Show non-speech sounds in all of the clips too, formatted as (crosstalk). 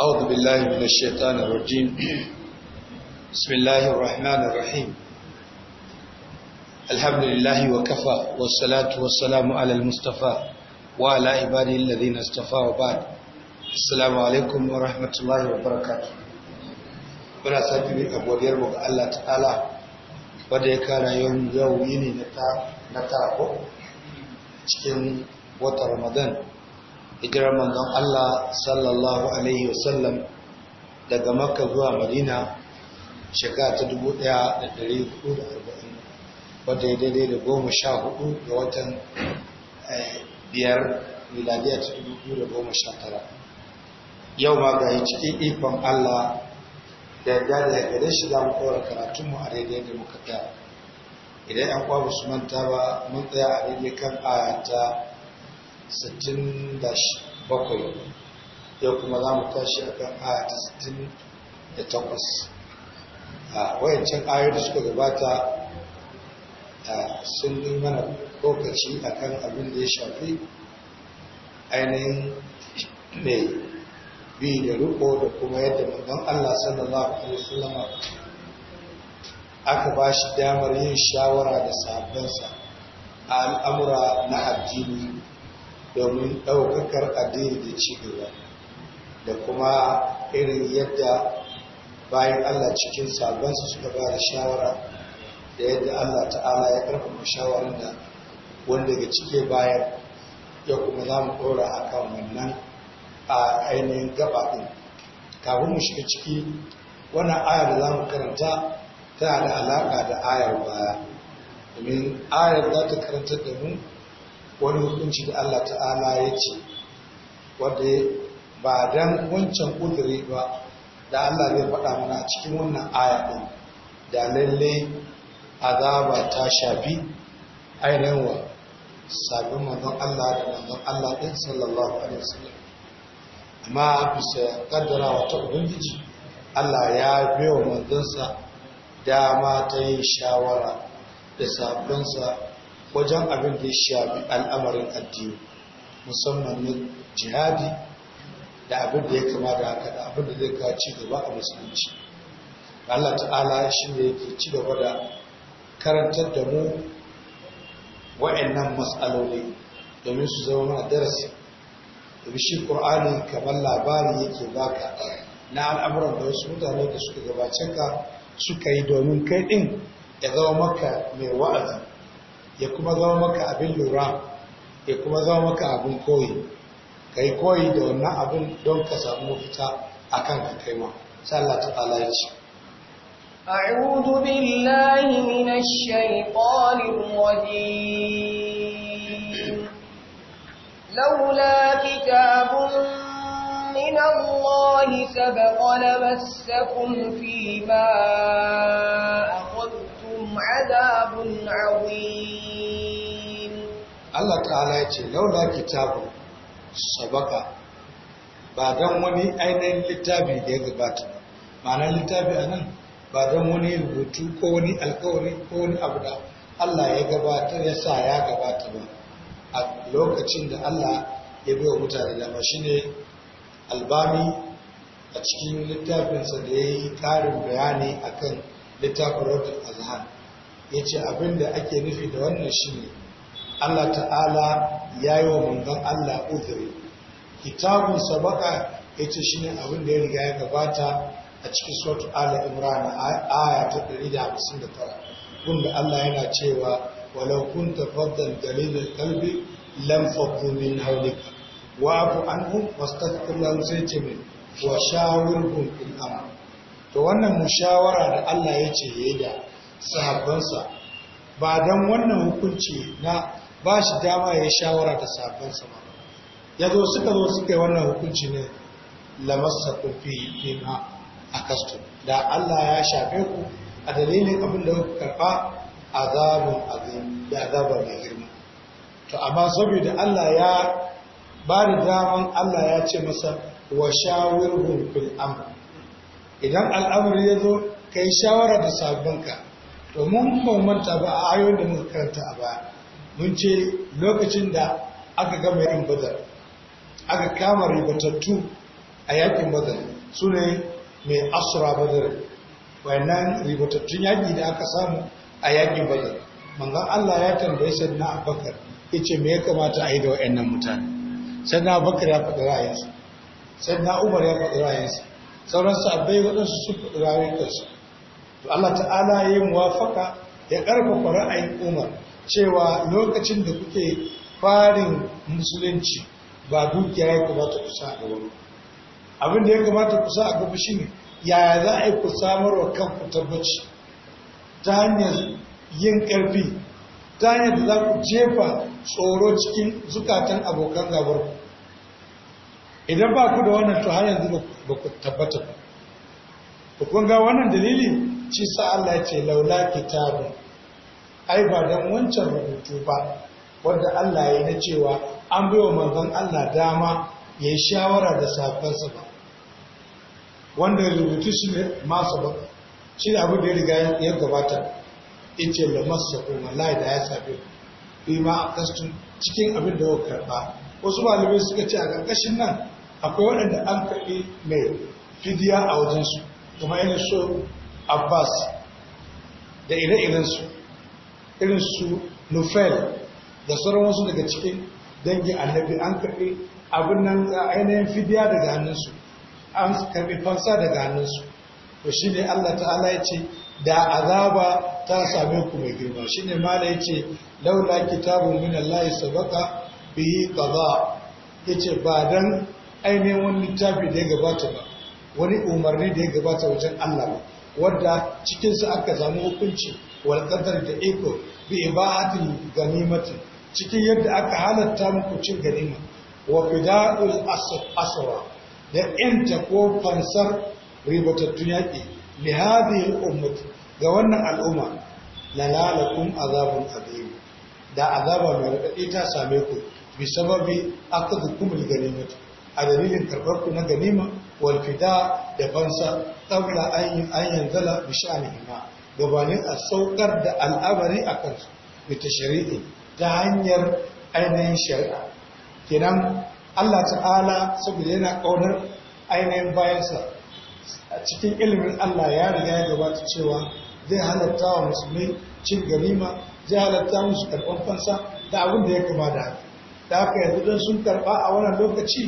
أعوذ بالله من الشيطان الرجيم بسم الله الرحمن الرحيم الحمد لله وكفى والصلاة والسلام على المصطفى وعلى عباده الذين اصطفى وبعد السلام عليكم ورحمة الله وبركاته muna sake a godiyar mu ga Allah ta'ala wanda ya kara yau yau yini na ta na tara ko cikin watan Ramadan hijirar manzon Allah sallallahu alaihi wasallam daga makka zuwa madina shekara ta 1440 wadda ya daidai da goma sha hudu ga watan eh, biyar miladiya ta 2019 yau ma ga yi cikin ikon Allah da ya gada ya gada shi za mu kora karatunmu a daidai da muka ta idan yan kwa su manta ba mun tsaya a daidai kan aya ta bakwai, yau kuma za mu tashi a kan aya ta takwas. a wayancin ayar da suka gabata sun yi mana lokaci a kan abin da ya shafi ainihin mai bi da riko da kuma yadda don Allah sallallahu alaihi wasallam aka ba shi damar yin shawara da sabonsa a al'amura na addini domin ɗaukakar addini da ci gaba da kuma irin yadda bayan Allah cikin sabansu suka ba da shawara da yadda Allah ta'ala ya karfafa shawarar da wanda daga cike bayan ya kuma za mu ɗora a kan wannan a ainihin gaba ɗin kafin mu shiga ciki wannan ayar da za mu karanta tana da alaƙa da ayar baya domin ayar za ta karanta da mu wani hukunci da Allah ta'ala ya ce wadda ba don wancan kudiri ba da Allah zai faɗa mana a cikin wannan aya da lalle azaba ta shafi ainihin wa sabin manzon Allah da manzon Allah ɗin sallallahu alaihi wasallam amma bisa kaddarawa ta ubangiji Allah ya biyo manzonsa dama ta yin shawara da sabbinsa wajen abin da ya shafi al'amarin addini musamman na jihadi da abin da ya kama da haka da abin da zai kawo ci gaba a musulunci Allah ta'ala shi ne yake ci gaba da karantar da mu wa'annan matsaloli domin su zama mana darasi da shi ƙur'ani kamar labari yake baka na al'amuran da wasu mutane da suka gabace ka suka yi domin kai ɗin ya zama maka mai wa'azi ya kuma zama maka abin lura ya kuma zama maka abin koyi ka yi koyi da wannan abin don ka samu mafita a kan ka kai ma sallah ta ala ya ce أعوذ بالله من الشيطان الرجيم لولا كتاب من الله سبق لمسكم فيما أخذ عذاب عظيم الله تعالى يقول لولا كتاب سبق ba don wani ainihin littafi da ya gabata ba ma'anar littafi a nan ba don wani rubutu ko wani alkawari ko wani abu da Allah ya gabata, ya sa ya gabata ba a lokacin da Allah ya bai wa mutane dama ne albami a cikin littafinsa da ya yi ƙarin bayani a kan littafin rotar azhar ya ce abinda ake nufi da wannan shi ne Allah ta'ala ya yi wa mangan Allah uzuri kitabun sabaka ya ce shi ne abinda ya riga ya gabata a cikin sautu ala imran aya ta 159 wanda Allah yana cewa walau kunta faddan dalilin kalbi lam faddu min haulika wa abu anhum wastaghfir lahum sai min wa shawirhum fil amr to wannan mushawara da Allah ya ce yayi da sahabbansa ba don wannan hukunci na ba shi dama ya yi shawara da sahabbansa ba ya zo suka zo suka yi wannan hukunci ne lamassa kofi ma a kasto da Allah ya shafe ku a dalilin abin da kuka karɓa azabun azim da azabar mai girma to amma saboda Allah ya ba da daman Allah ya ce masa wa shawirhum fil amr idan al'amari ya zo kai shawara da sabonka domin mamanta ba a ayon da muka karanta a baya mun ce lokacin da aka gama yin badar aka kama ribatattu a yakin badar su ne mai asura badar wannan ribatattun yaki da aka samu a yakin badar manzan Allah ya tambaye sai na abakar ya ce me ya kamata a yi da wa'annan mutane sai na abakar ya faɗi ra'ayinsa sai na umar ya faɗi ra'ayinsa sauran abai waɗansu su faɗi ra'ayinsu to Allah ta'ala ya yi muwafaka ya ƙarfafa ra'ayin umar cewa lokacin da kuke farin musulunci ba dukiya ya kamata ku sa a gaba abin da ya kamata ku sa a gaba shine yaya za a yi ku samar wa kanku tabbaci ta hanyar yin ƙarfi ta hanyar da za ku jefa tsoro cikin zukatan abokan gabar idan ba ku da wannan to har yanzu ba ku tabbata ba kun ga wannan dalili ci sa Allah ce laula kitabu ai ba dan wancan rubutu ba wanda Allah ya na cewa an bai wa manzon Allah dama ya yi shawara da safansa ba wanda rubutu shi ne masu ba shi da abu da ya riga ya gabata ce la masa kuma lai da ya sabe bi ma a cikin abin da ya karba wasu malamai suka ce a ƙarƙashin nan akwai waɗanda an karɓi mai fidiya a wajensu kuma yana so abbas da ire-irensu irinsu nufel da sauran wasu daga cikin dangin annabi an karɓi abin nan ainihin fidiya daga hannunsu an karɓi fansa daga hannunsu to shi ne allah ta'ala ya ce da azaba ta same ku mai girma shi ne mala ya ce laula kitabun min ya sabaka bihi qada ya ce ba dan ainihin wani littafi da ya gabata ba wani umarni da ya gabata wajen allah ba wadda cikinsu aka samu hukunci wal qadar da iko bi ibahatin ganimati cikin yadda aka halatta muku cin ganima wa fida'ul asra da yanta ko fansar ribatattun ke li hadhihi ummat ga wannan al'umma lalalakum azabun adim da azaba mai raɗaɗi ta same ku bi sababi aqdukum al ganimati a dalilin karɓar ku na ganima wal fida da fansar. qabla an yanzala bi sha'anihima gabanin a saukar da al'amari a kansu da shari'i ta hanyar ainihin shari'a kenan Allah ta'ala saboda yana ƙaunar ainihin bayansa a cikin ilimin Allah ya riga ya gabata cewa zai halatta wa musulmi cin ganima zai halatta musu karɓar fansa da abin da ya kama da haka da haka yanzu don sun karɓa a wannan lokaci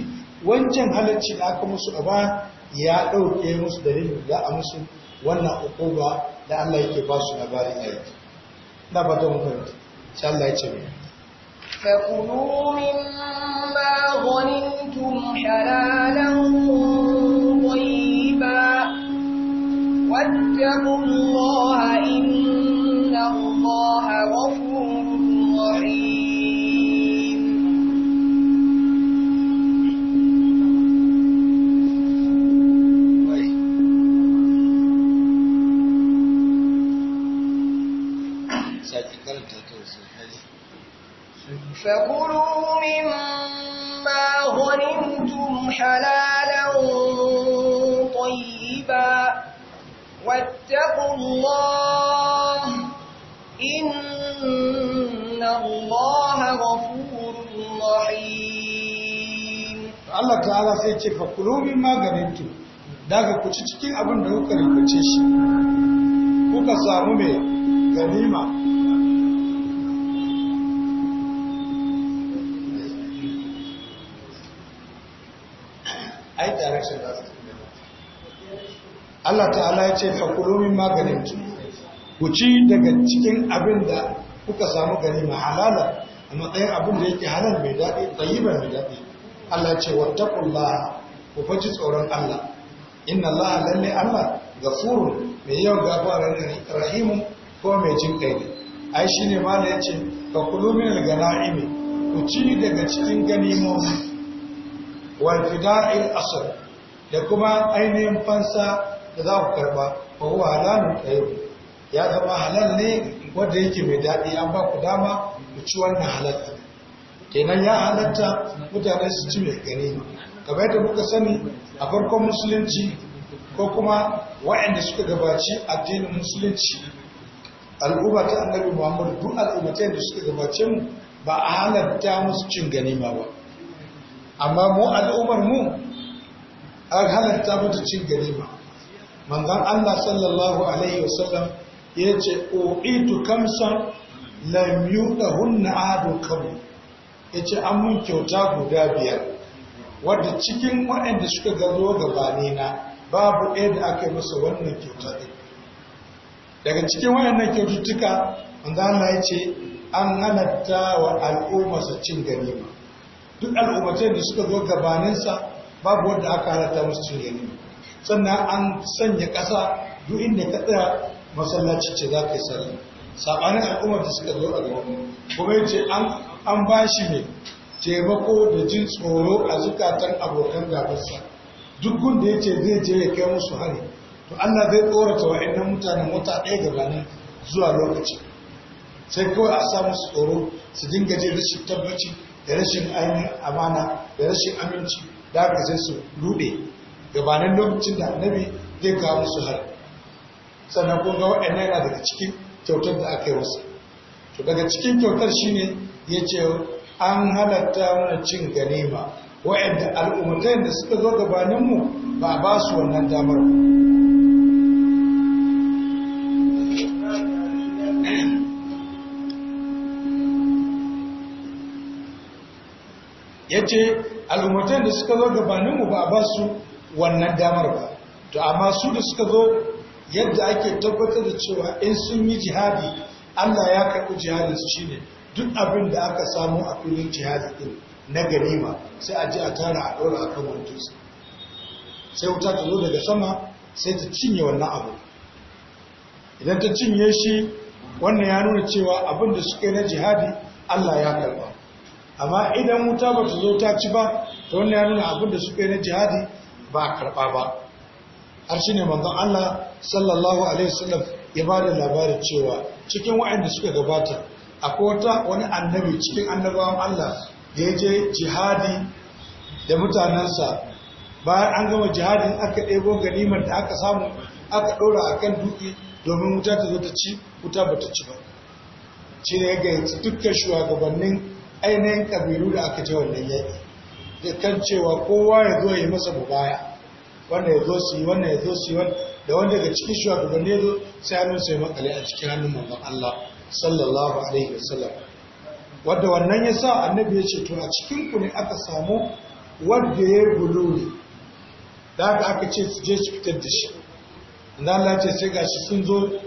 wancan halarci da aka musu a baya ya ɗauke musu da dalilin da a musu wannan ukuba da Allah yake ba su labarin aiki na ba don kwanci, shi Allah ya ce mai min ba فكلوا مما غنمتم حلالا طيبا واتقوا الله فكلوا مما غنمتم حلالا طيبا واتقوا الله إن الله غفور رحيم الله تعالى سيتي فكلوا مما غنمتم daga ku ci cikin abin da kuka ribace shi kuka samu mai ganima Allah ta'ala ya ce fakulomin maganin ki ku ci daga cikin abin da kuka samu gani ma halala a matsayin abin da yake halar mai daɗi ɗayyibar mai daɗi Allah ce ƙulla ku faci tsoron Allah inna Allah lalle Allah gafurun mai yau gafara ne rahimu ko mai jin kai ne ai shine ma da yace fakulomin ganaimi ku ci daga cikin ganimomi wal fida'il asr da kuma ainihin fansa da za ku karba ba huwa halalun ɗayo ya zama halal ne wanda yake mai daɗi an ba ku dama ku ci wannan halatta kenan ya halatta mutane su ci mai gani kamar yadda muka sani a farkon musulunci ko kuma waɗanda suka gabaci addinin musulunci al'umma ta annabi muhammadu duk al'ummatai da suka gabace mu ba a halatta musu cin ganima ba amma mu al'ummar mu an halatta mutu cin ganima manzan Allah sallallahu alaihi wasallam ya ce o'itu kamsan da hunna adon kabu ya ce an mun kyauta guda biyar wadda cikin waɗanda suka gazo gabane na babu ɗaya da aka yi masa wannan kyauta ɗin daga cikin waɗannan kyaututtuka manzan Allah ya ce an halatta wa al'ummarsa cin ganima duk al'ummatai da suka zo gabaninsa babu wadda aka halatta musu cin ganima sannan an sanya ƙasa duk inda ka tsaya masallaci ce za ka yi sallah saɓanin al'ummar da suka zo a gaban kuma yace an ba shi ne taimako da jin tsoro a zukatan abokan gabarsa duk gunda ya ce zai je ya kai musu hari to Allah zai tsorata wa'annan mutanen wata ɗaya gabanin zuwa lokaci sai kawai a sa musu tsoro su dinga je rashin tabbaci da rashin ainihin amana da rashin aminci da haka sai su ruɗe gabanin lokacin da annabi zai kawo musu hari sannan kun ga waɗannan yana daga cikin kyautar da aka yi musu to daga cikin kyautar shine ya ce an halatta mana cin ganima waɗanda al'ummatan da suka zo gabaninmu ba a ba su wannan damar ya ce al'ummatan da suka zo gabaninmu ba a ba su wannan damar ba to amma su da suka zo yadda ake tabbatar da cewa in sun yi jihadi Allah ya karɓi jihadin su shine duk abin da aka samu a filin jihadi din na ganima sai a ji a tara a ɗora akan wanda sai wuta ta zo daga sama sai ta cinye wannan abu idan ta cinye shi wannan ya nuna cewa abin da suka yi na jihadi Allah ya karɓa amma idan wuta ba ta zo ta ci ba ta wannan ya nuna abin da suka yi na jihadi ba a karɓa ba har shi ne manzon Allah sallallahu alaihi wasallam ya ba da labarin cewa cikin wa'anda suka gabata akwai wata wani annabi cikin annabawan Allah da ya je jihadi da mutanensa bayan an gama jihadin aka ɗebo ganimar da aka samu aka ɗora a kan duki domin wuta ta zo ta ci wuta ba ta ci ba shi ne ya gayyaci dukkan shugabannin ainihin ƙabilu da aka je wannan yaƙi da cewa kowa ya zo ya masa mubaya wannan ya zo su yi wannan ya zo su yi da wanda daga cikin wanda ya zo sai hannun sai makale a cikin hannun manzon Allah sallallahu alaihi wasallam wanda wannan ya sa annabi ya ce to a cikin ku ne aka samu wanda ya ne? da aka aka ce su je su fitar da shi inda Allah ce sai gashi sun zo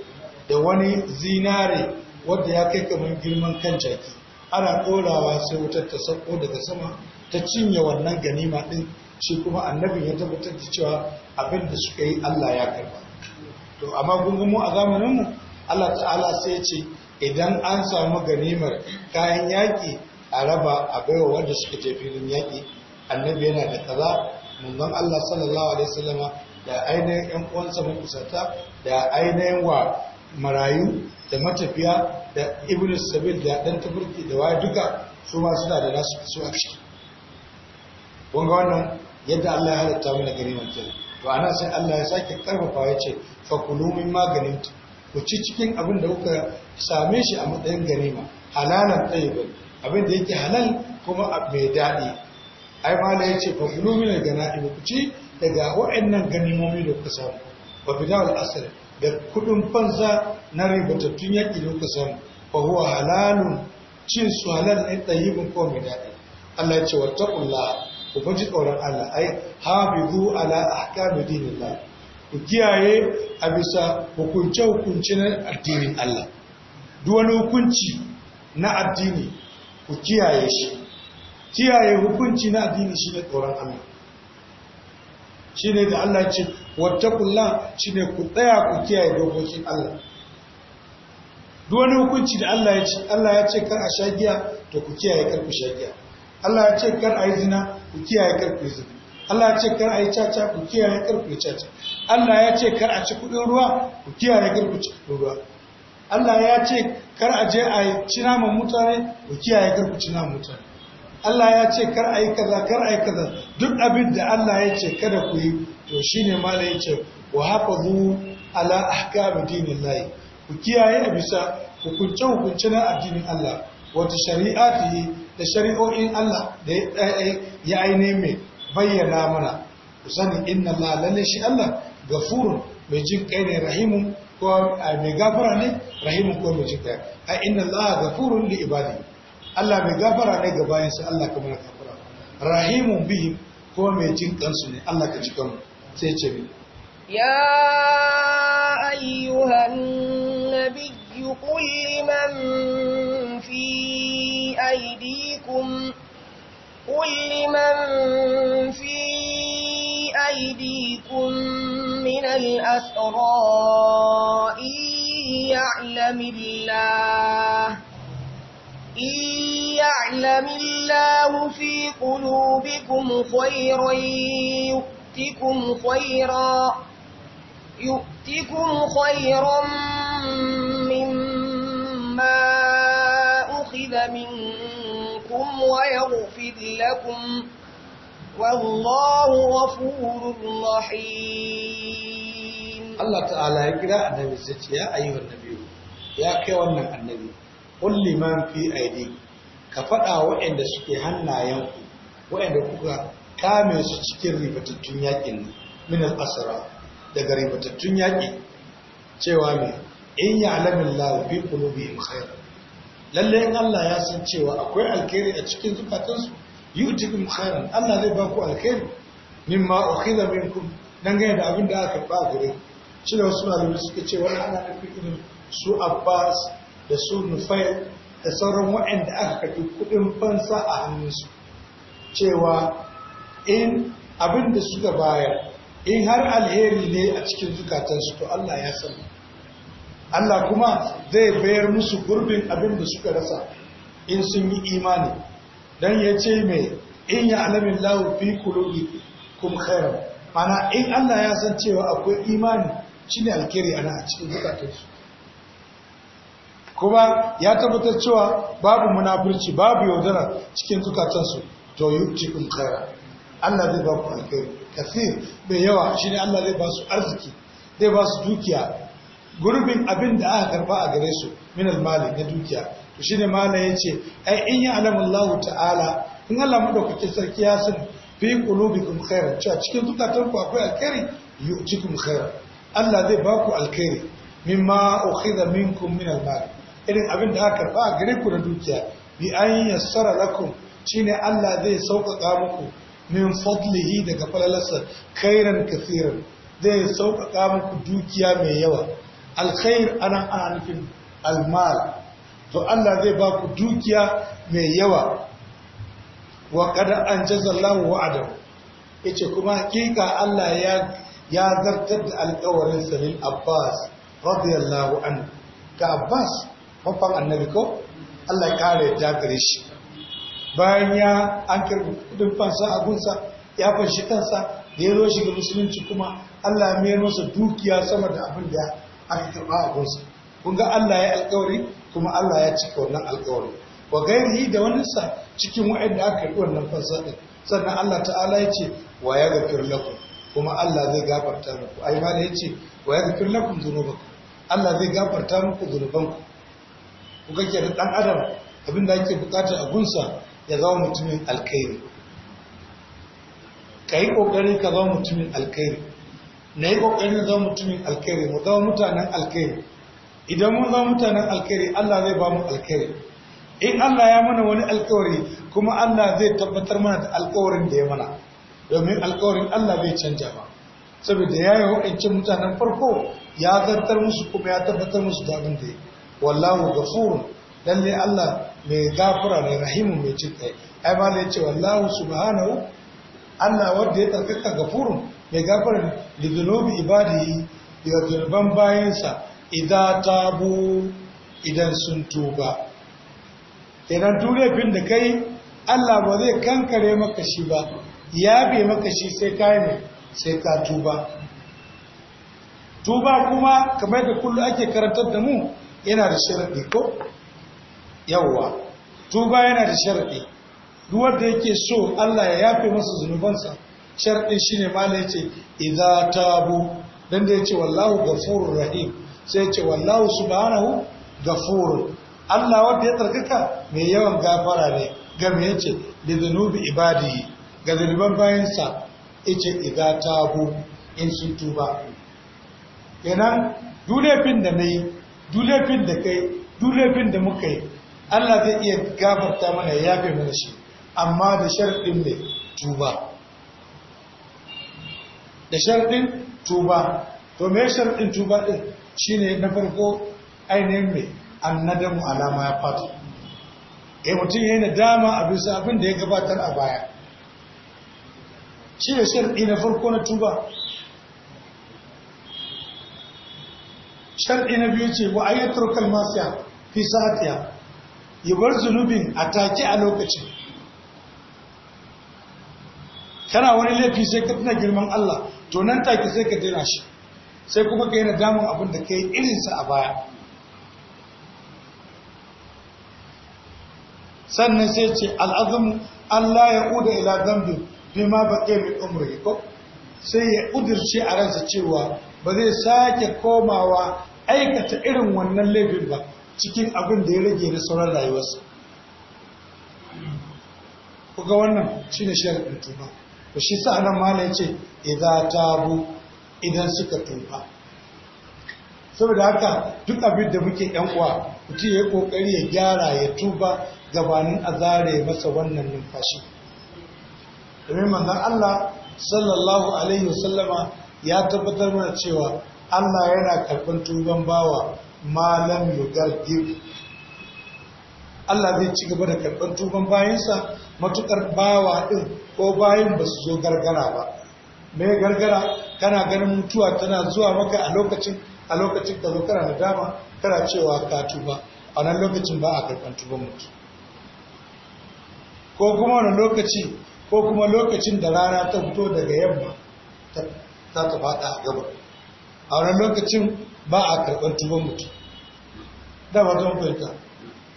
da wani zinare wanda ya kai kamar girman kan jaki ana ƙorawa sai wutar ta sauko daga sama ta cinye wannan ganima din shi kuma annabin ya tabbatar da cewa abinda suka yi Allah ya karba to amma gungunmu a zamaninmu Allah ta'ala sai ce idan an samu ganimar kayan yaƙi a raba a baiwa wanda suka je filin yaƙi annabi yana da kaza manzon Allah sallallahu alaihi da ainihin ƴan uwansa makusata da ainihin wa marayu da matafiya da ibnu sabil da dan da waya duka su ma suna da nasu kaso a ciki kun ga wannan yadda Allah ya halatta mana ganimar kenan to ana sai Allah ya sake karfafa ya ce fa kulu min maganin ku ci cikin abin da kuka same shi a matsayin ganima halalan tayyiban abin da yake halal kuma mai daɗi ai ma ya ce fa kulu min ganaibi ku ci daga wa'annan ganimomi da kuka samu wa bidal asr da kudin fansa na ribatattun yaki da kuka samu fa huwa halalun cin su halal ne tayyibin ko mai daɗi Allah ya ce wattaqullah ku baji tsoron Allah ai habidu ala ahkami dinillah ku kiyaye a bisa hukunce hukunce na addinin Allah duk wani hukunci na addini ku kiyaye shi kiyaye hukunci na addini shine tsoron Allah shine da Allah wata ce wattaqullah shine ku tsaya ku kiyaye dokokin Allah duk wani hukunci da Allah ya ce Allah ya ce kar a shagiya to ku kiyaye kar ku shagiya Allah ya ce kar a yi zina ku kiyaye kar ku yi zina Allah ya ce kar a yi caca ku kiyaye kar ku yi caca Allah ya ce kar a ci kuɗin ruwa ku kiyaye kar ku ci kuɗin ruwa Allah ya ce kar a je a ci nama mutane ku kiyaye kar ku ci nama mutane Allah ya ce kar a yi kaza kar a yi kaza duk abin da Allah ya ce kada ku yi to shine malai ya ce wa hafazu ala ahkam dinillahi ku kiyaye a bisa hukunce hukunce na addinin Allah wata yi. da shari'o'in Allah da ya aine mai bayyana mana ku sani inna Allah lalle shi Allah gafurun mai jin ne rahimun ko mai gafara ne rahimun ko mai jin A ai inna Allah gafurun li ibadi Allah mai gafara ne ga bayansa Allah kamar gafara rahimun bihi ko mai jin ne Allah ka ji sai ce mi ya ayyuhan nabiyyu qul liman لكل من في أيديكم من الأسراء يعلم الله إن يعلم الله في قلوبكم خيرا يؤتكم خيرا يؤتكم خيرا مما أخذ منكم يُذِقْكُمْ وَيَغْفِرْ لَكُمْ والله غفور رحيم الله تعالى يقرا النبي زكي يا ايها النبي ya كي wannan annabi qul liman fi aidi ka fada waɗanda suke hannayenku waɗanda kuka kame su cikin ribatattun yakin min al-asra daga ribatattun yaki cewa me in ya'lamu Allah fi qulubihim khairan lalle in Allah ya san cewa akwai alkhairi a cikin zukatansu yutikum khairan Allah zai ba ku alkhairi mimma min minkum dan gane da abin da aka ba gare shi da wasu malamai suka ce wannan ana nufin irin su Abbas da su nufai da sauran waɗanda aka kafi kuɗin fansa a hannunsu cewa in abin da suka bayar in har alheri ne a cikin zukatansu to Allah ya san Allah kuma zai bayar musu gurbin abin da suka rasa in sun yi imani don ya ce mai in ya alamin lahu fi kulubi kuma khairan mana in Allah ya san cewa akwai imani ne alkhairi ana a cikin zukatarsu kuma ya tabbatar cewa babu munafurci babu yaudara cikin zukatarsu to yi cikin khaira. Allah zai ba ku alkhairi mai yawa ne Allah zai ba su arziki zai ba su dukiya gurbin abin da aka karba a gare su min almali na dukiya to shine mala yace ai in ya alamu ta'ala in Allah mu dauke sarki ya san fi qulubikum khair cewa cikin zukatan ku akwai alkhairi yu'tikum khair Allah zai baku alkhairi mimma ukhidha minkum min almali irin abin da aka karba a gare ku na dukiya bi an yassara lakum shine Allah zai sauƙaƙa muku min fadlihi daga falalarsa kairan kasiran zai sauƙaƙa muku dukiya mai yawa alkhair anan ana nufin almal to Allah zai ba ku dukiya mai yawa wa kada an jazallahu wa'ada yace kuma hakika Allah ya ya zartar da alƙawarin salil Abbas radiyallahu anhu ka Abbas babban annabi ko Allah ya kare ya gare shi bayan ya an karbi kudin fansa a gunsa ya fanshi kansa da ya zo shiga musulunci kuma Allah ya mayar dukiya sama da abin da aka karɓa a kun ga Allah ya alƙawari kuma Allah ya cika wannan alƙawari wa gairihi da wani sa cikin waɗanda aka karɓi wannan fansa ɗin sannan Allah ta'ala ya ce wa ya gafir lakum kuma Allah zai gafarta muku ai ma ya ce wa ya gafir lakum dhunubakum Allah zai gafarta muku dhunubanku kuka ga da dan adam abin da ake bukata a gunsa ya zama mutumin alkhairi kai ƙoƙari ka zama mutumin alkhairi na yi ƙoƙarin zama mutumin alkhairi mu zama mutanen alkhairi idan mun zama mutanen alkhairi Allah zai ba mu alkhairi in Allah ya mana wani alkawari kuma Allah zai tabbatar mana da alkawarin da ya mana domin alkawarin Allah bai canja ba saboda ya yi waɗancan mutanen farko ya zartar musu kuma ya tabbatar musu da abin da ya wallahu gafurun lallai Allah mai gafura ne rahimu mai jin ai ba zai ce wallahu subhanahu Allah wanda ya tsarkaka gafurun mai gafara lidunubi ibadihi daga zunuban bayansa idan bu idan sun tuba idan turefin da kai Allah ba zai kankare maka shi ba ya be maka shi sai ka yi sai ka tuba tuba kuma kamar da kullu ake karantar da mu yana da sharaɗi ko yawwa tuba yana da sharaɗi duk wanda yake so Allah ya yafe masa zunubansa sharɗin shine mala ce, idza tabu dan da ce, wallahu ghafurur rahim sai ce, wallahu subhanahu ghafur Allah wanda ya tsarkaka mai yawan gafara ne ga me yace li zunubi ibadi ga zunuban bayansa yace idza tabu in sun tuba kenan dulefin da nayi dulefin da kai dulefin da muka yi Allah zai iya gafarta mana ya yafe mana shi amma da sharɗin mai tuba da sharɗin tuba to me sharɗin tuba ɗin shine na farko ainihin mai annadamu alama ya fata eh, ya mutum yana dama a bisa abin da ya gabatar a baya shi ne sharɗi na farko na tuba sharɗi na biyu ce wa ayyatar kalmasiya fi sa'atiya Yi bar zunubin a take a lokacin kana wani laifi sai ka tuna girman Allah to nan take sai ka dena shi sai kuma ka yi nadamun abin da ka yi irinsa a baya sannan sai ce al'azumu Allah ya uda ila zambi bi ma ba ke min umri ko sai ya udirce a ransa cewa ba zai sake komawa aikata irin wannan laifin ba cikin abin da ya rage na sauran rayuwarsa. Kuga wannan shi ne tuba. to shi sa nan malai ce idza tabu idan suka tuba saboda haka duk abin da muke yan uwa mutum ya yi kokari ya gyara ya tuba gabanin azare masa wannan numfashi domin manzon Allah sallallahu alaihi wasallama ya tabbatar mana cewa Allah yana karɓar tuban bawa malam yugal Allah zai ci gaba da karɓar tuban bayansa matukar bawa ɗin ko bayan ba su zo gargara ba mai gargara kana ganin mutuwa tana zuwa maka a lokacin a lokacin da zo kana da dama kana cewa ka tuba a nan lokacin ba a karɓar tuban mutu ko kuma wani lokaci ko kuma lokacin da rana ta fito daga yamma ta ta faɗa a gaba a wani lokacin ba a karɓar tuban mutu da ba don fahimta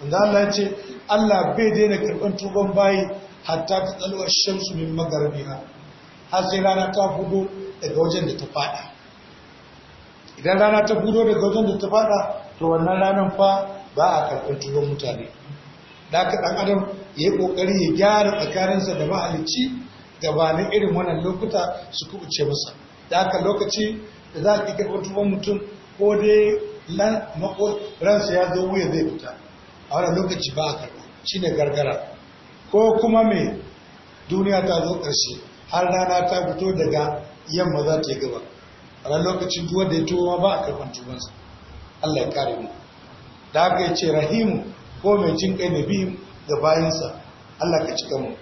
wanda Allah ya ce Allah bai daina karɓar tuban bayi hatta ta tsalwar shamsu min magarbiha har sai rana ta hudu daga wajen da ta fada idan rana ta hudo daga wajen da ta fada to wannan ranar fa ba a karɓar tuban mutane da aka ɗan adam ya yi ƙoƙari ya gyara tsakaninsa da mahalicci gabanin irin wannan lokuta su kubuce masa da aka lokaci da za a ƙi karɓar tuban mutum ko dai ransa ya zo wuya zai fita a wani lokaci ba a karɓa shi ne gargara ko kuma mai duniya ta zo ƙarshe har rana ta fito daga yamma za ta yi gaba a wani lokacin duk wanda ya tuwo ba a karɓar tubansa Allah ya kare mu da haka ya ce rahimu ko mai cin kai da biyu ga bayansa Allah ka cika mu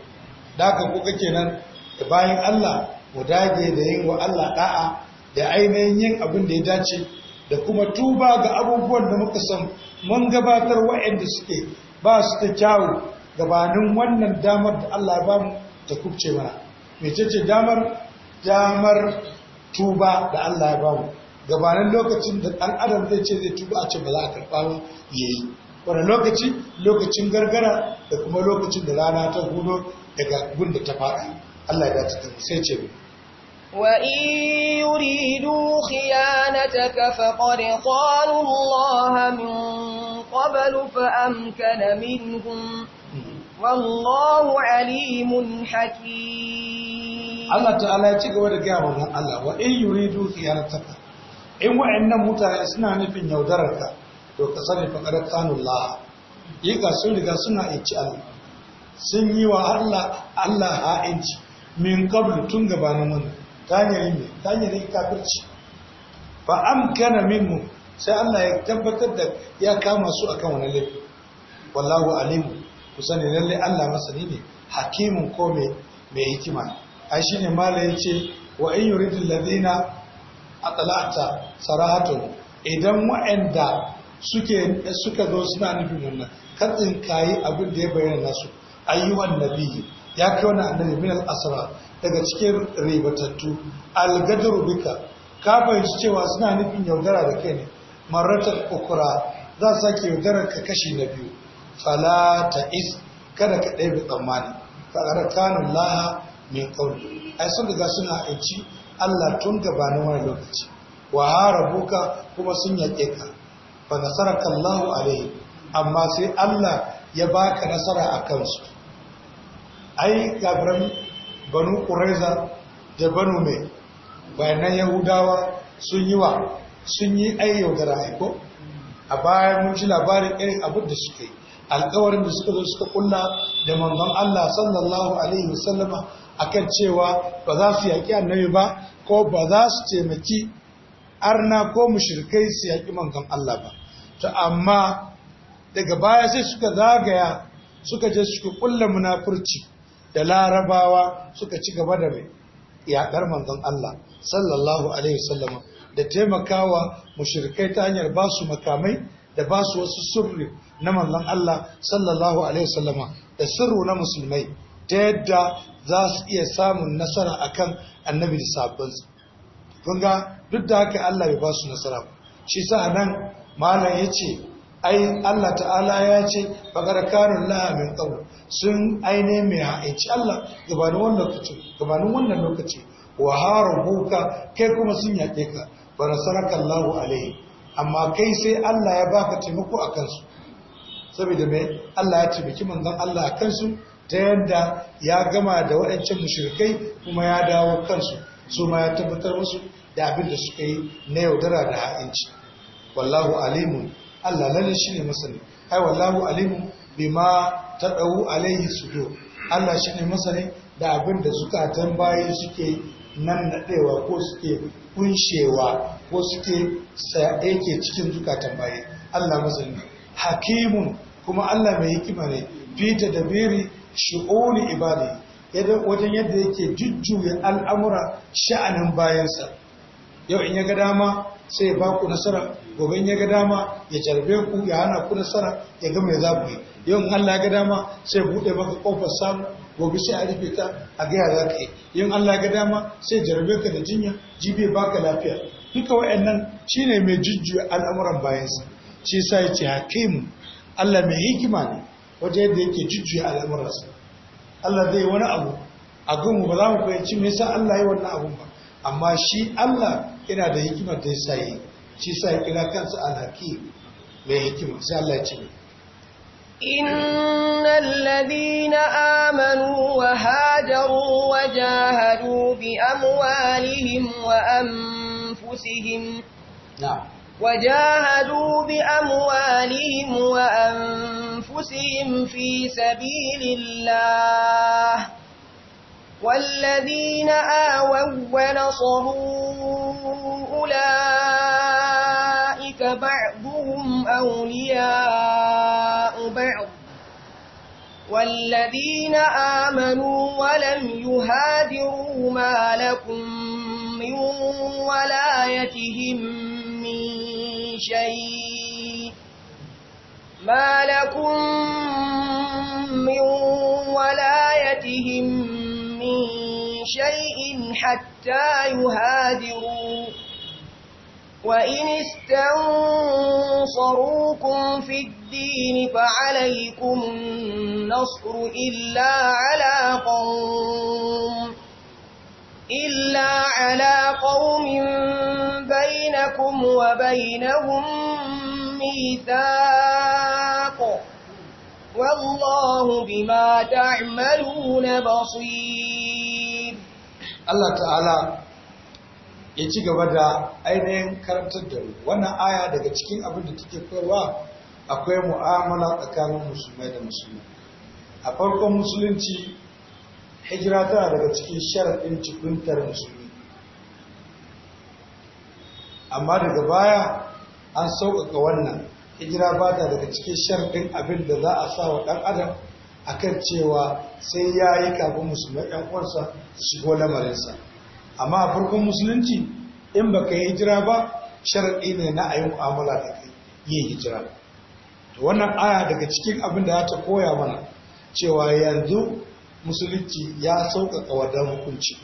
da haka ko kake nan da bayan Allah mu dage da yin wa Allah da'a da ainihin yin abin da ya dace da kuma tuba ga abubuwan da muka san mun gabatar waɗanda suke ba su da kyawu gabanin wannan damar da Allah ba mu ta kubce mana mecece damar damar tuba da Allah ya ba mu gabanin lokacin da ɗan adam zai ce zai tuba a ce ba za a karɓa ba yi. wani lokaci lokacin gargara da kuma lokacin da rana ta hudo daga gun ta faɗa Allah ya dace sai ce mu وَإِن يُرِيدُوا خِيَانَتَكَ فَقَدْ خَانُوا اللَّهَ مِن قَبْلُ فَأَمْكَنَ مِنْهُمْ hmm. وَاللَّهُ عَلِيمٌ حَكِيمٌ Allah ta'ala ya ci gaba da gaya wa Allah wa in yuridu khiyanataka in wa'annan mutane suna nufin yaudararka to ka sani faqad khanu Allah yi ga sun riga suna ici Allah sun yi wa Allah Allah ha'inci min qablu tun gabanin wannan tanyari ne tanyari kafirci ba amkana minmu sai Allah ya tabbatar da ya kama su akan wani laifi wallahu alimu ku sani lalle Allah masani ne hakimin ko mai hikima ai shine mala yace wa in yuridu alladhina atla'ta sarahatu idan wa'anda suke suka zo suna nufin wannan katsin kayi abin da ya bayyana nasu ayyuhan nabiyyi ya kai wannan annabi min al-asra daga cikin ribatattu algadar bika ka fahimci cewa suna nufin yaudara da kai ne maratar ukura za su sake yaudarar ka kashi na biyu fala ta is kada ka ɗaya tsammani fa'ara kanun laha mai kauli ai sun daga suna aiki Allah tun gabanin wani lokaci wa buka kuma sun yaƙe ka kan lahu Allahu alaihi amma sai Allah ya baka nasara a kansu ai gabar. banu ƙuraiza da banu mai bayanan yahudawa sun yi wa sun yi ayyau da ra'aiko a bayan mun labarin irin abin da suka yi alkawarin da suka zo suka kulla da manzon Allah sallallahu alaihi wasallama akan cewa ba za su yaƙi annabi ba ko ba za su taimaki arna ko mushrikai su yaƙi manzon Allah ba to amma daga baya sai suka zagaya suka je suka kulla munafurci da larabawa suka ci gaba da mai yaƙar manzon Allah sallallahu alaihi sallama, da taimakawa mushrikai ta hanyar ba su makamai da ba su wasu sirri na manzon Allah sallallahu alaihi sallama da sirru na musulmai ta yadda za su iya samun nasara akan annabi da sabbin kun ga duk da haka Allah ya ba su nasara shi sa nan malam ya ce. ai Allah ta'ala ya ce bakar Karin lahamin min sun aine mai haici Allah gabanin wannan lokaci gabanin wannan lokaci kai kuma sun yake ka sarakan Allah alaihi amma kai sai Allah ya baka taimako a kansu saboda mai Allah ya taimaki manzan Allah a kansu ta yadda ya gama da waɗancan mashirkai kuma ya dawo kansu su ma ya tabbatar musu da abin da suka yi na yaudara da ha'inci wallahu alimun Allah lalle ne masani ai wallahu alimu bima tadau alaihi sudur Allah shi ne masani da abin da zukatan bayi suke nan nadewa ko suke kunshewa ko suke yake cikin zukatan bayi Allah masani hakimun kuma Allah mai hikima ne fi tadabiri shu'uli ibadi wajen yadda yake jujjuya al'amura sha'anin bayansa yau in ya ga dama sai ya ba ku nasara gobe ya ga dama ya jarbe ku ya hana ku nasara ya ga mai za ku yi yau in Allah ya ga dama sai bude maka kofar samu gobe sai a rufe ta a ga ya za ka yi yau in Allah ya ga dama sai jarbe ka da jinya jibe baka lafiya duka wayannan shine mai jujjuya al'amuran bayansa shi ya yace hakimu Allah mai hikima ne waje yadda yake jujjuya al'amuransa Allah zai wani abu a gunmu ba za mu fahimci me yasa Allah ya wannan abun ba amma shi Allah yana da hikimar da yasa yi shi sa ya kira kansa alhaki mai hikima sai Allah ya ce إن الذين آمنوا وهاجروا وجاهدوا بأموالهم وأنفسهم نعم وجاهدوا بأموالهم وأنفسهم في سبيل الله والذين آووا ونصروا أولئك بعضهم أولياء بعض والذين آمنوا ولم يهاجروا ما لكم من ولايتهم من شيء ما لكم من ولايتهم من شيء حتى يهاجروا وإن استنصروكم في الدين فعليكم النصر إلا على قوم إلا على قوم بينكم وبينهم ميثاق والله بما تعملون بصير Allah ta'ala ya ci gaba da ainihin karantar da wannan aya daga cikin abin da take koyarwa akwai mu'amala tsakanin musulmai da musulmai a farkon musulunci hijira tana daga cikin sharaɗin cikuntar musulmi amma daga baya an sauƙaƙa wannan hijira ba ta daga cikin sharaɗin abin da za a sa wa ɗan adam akan cewa sai ya yi kafin musulman ‘yan uwansa su shigo lamarinsa amma a farkon musulunci in ba ka yi hijira ba sharaɗi ne na a yi mu'amala da ka yi hijira to wannan aya daga cikin abin da ta koya mana cewa yanzu musulunci ya sauƙaƙa wadan hukunci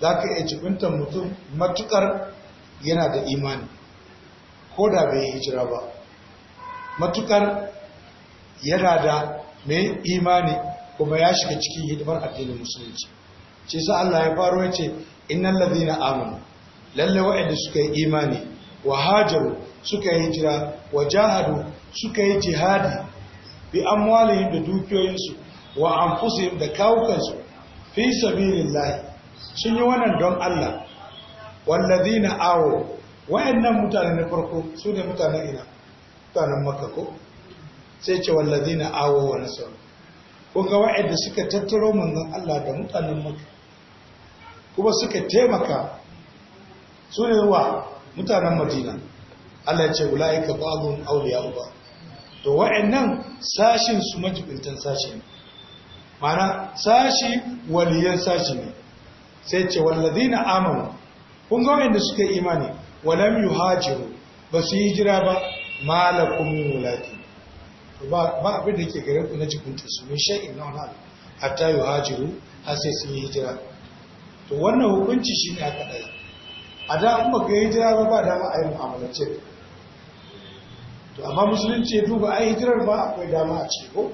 za ka iya jibintar mutum matuƙar yana da imani ko da bai hijira ba Matuƙar yana da mai imani kuma ya shiga cikin hidimar addinin musulunci ce sa Allah ya faro ya ce innal ladina amanu lalle wa'anda suka yi imani wa hajaru suka yi hijira wa jahadu suka yi jihadi bi amwalihim da dukiyoyinsu wa anfusihim da kawukansu fi sabilillah sun yi wannan don Allah walladina awo wa'annan mutane na farko su ne mutanen ina mutanen makka ko sai ce na awo wa nasaru kuka ga wa'anda suka tattaro manzon Allah da mutanen maka, kuma suka taimaka su ne wa mutanen Madina Allah ya ce abin ba'dhum ya uba. to wa'annan sashin su majibintan sashi ne mana sashi waliyan sashi ne sai ce na amanu kun ga wa'anda suka imani walam yuhajiru ba su yi jira ba malakun min ba abin da yake gare ku na jibinta su min sha'in na wani hatta yu hajiru har sai sun yi hijira to wannan hukunci shi ne a kadai a da kuma ga hijira ba ba dama a yi mu'amalance to amma musulunci ya duba yi hijirar ba akwai dama a ce ko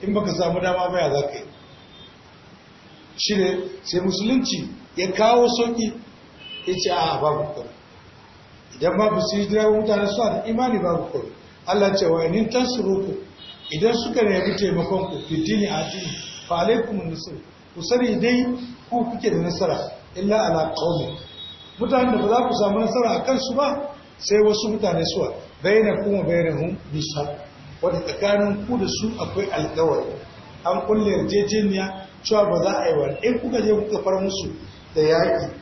in baka samu dama ba ya za ka yi shi ne sai musulunci ya kawo sauƙi ya ce a babu kuri idan babu su hijira mutane suna da imani babu kuri Allah ce wa yanin tansuruku idan suka nemi taimakon ku fitini addini fa alaikum nusr ku sani dai ku kuke da nasara illa ala qaumi mutanen da ba za ku samu nasara a kansu ba sai wasu mutane suwa kuma wa hun bisa wanda tsakanin ku da su akwai alkawari an kulle yarjejeniya cewa ba za a yi wani in kuka je kuka far musu da yaƙi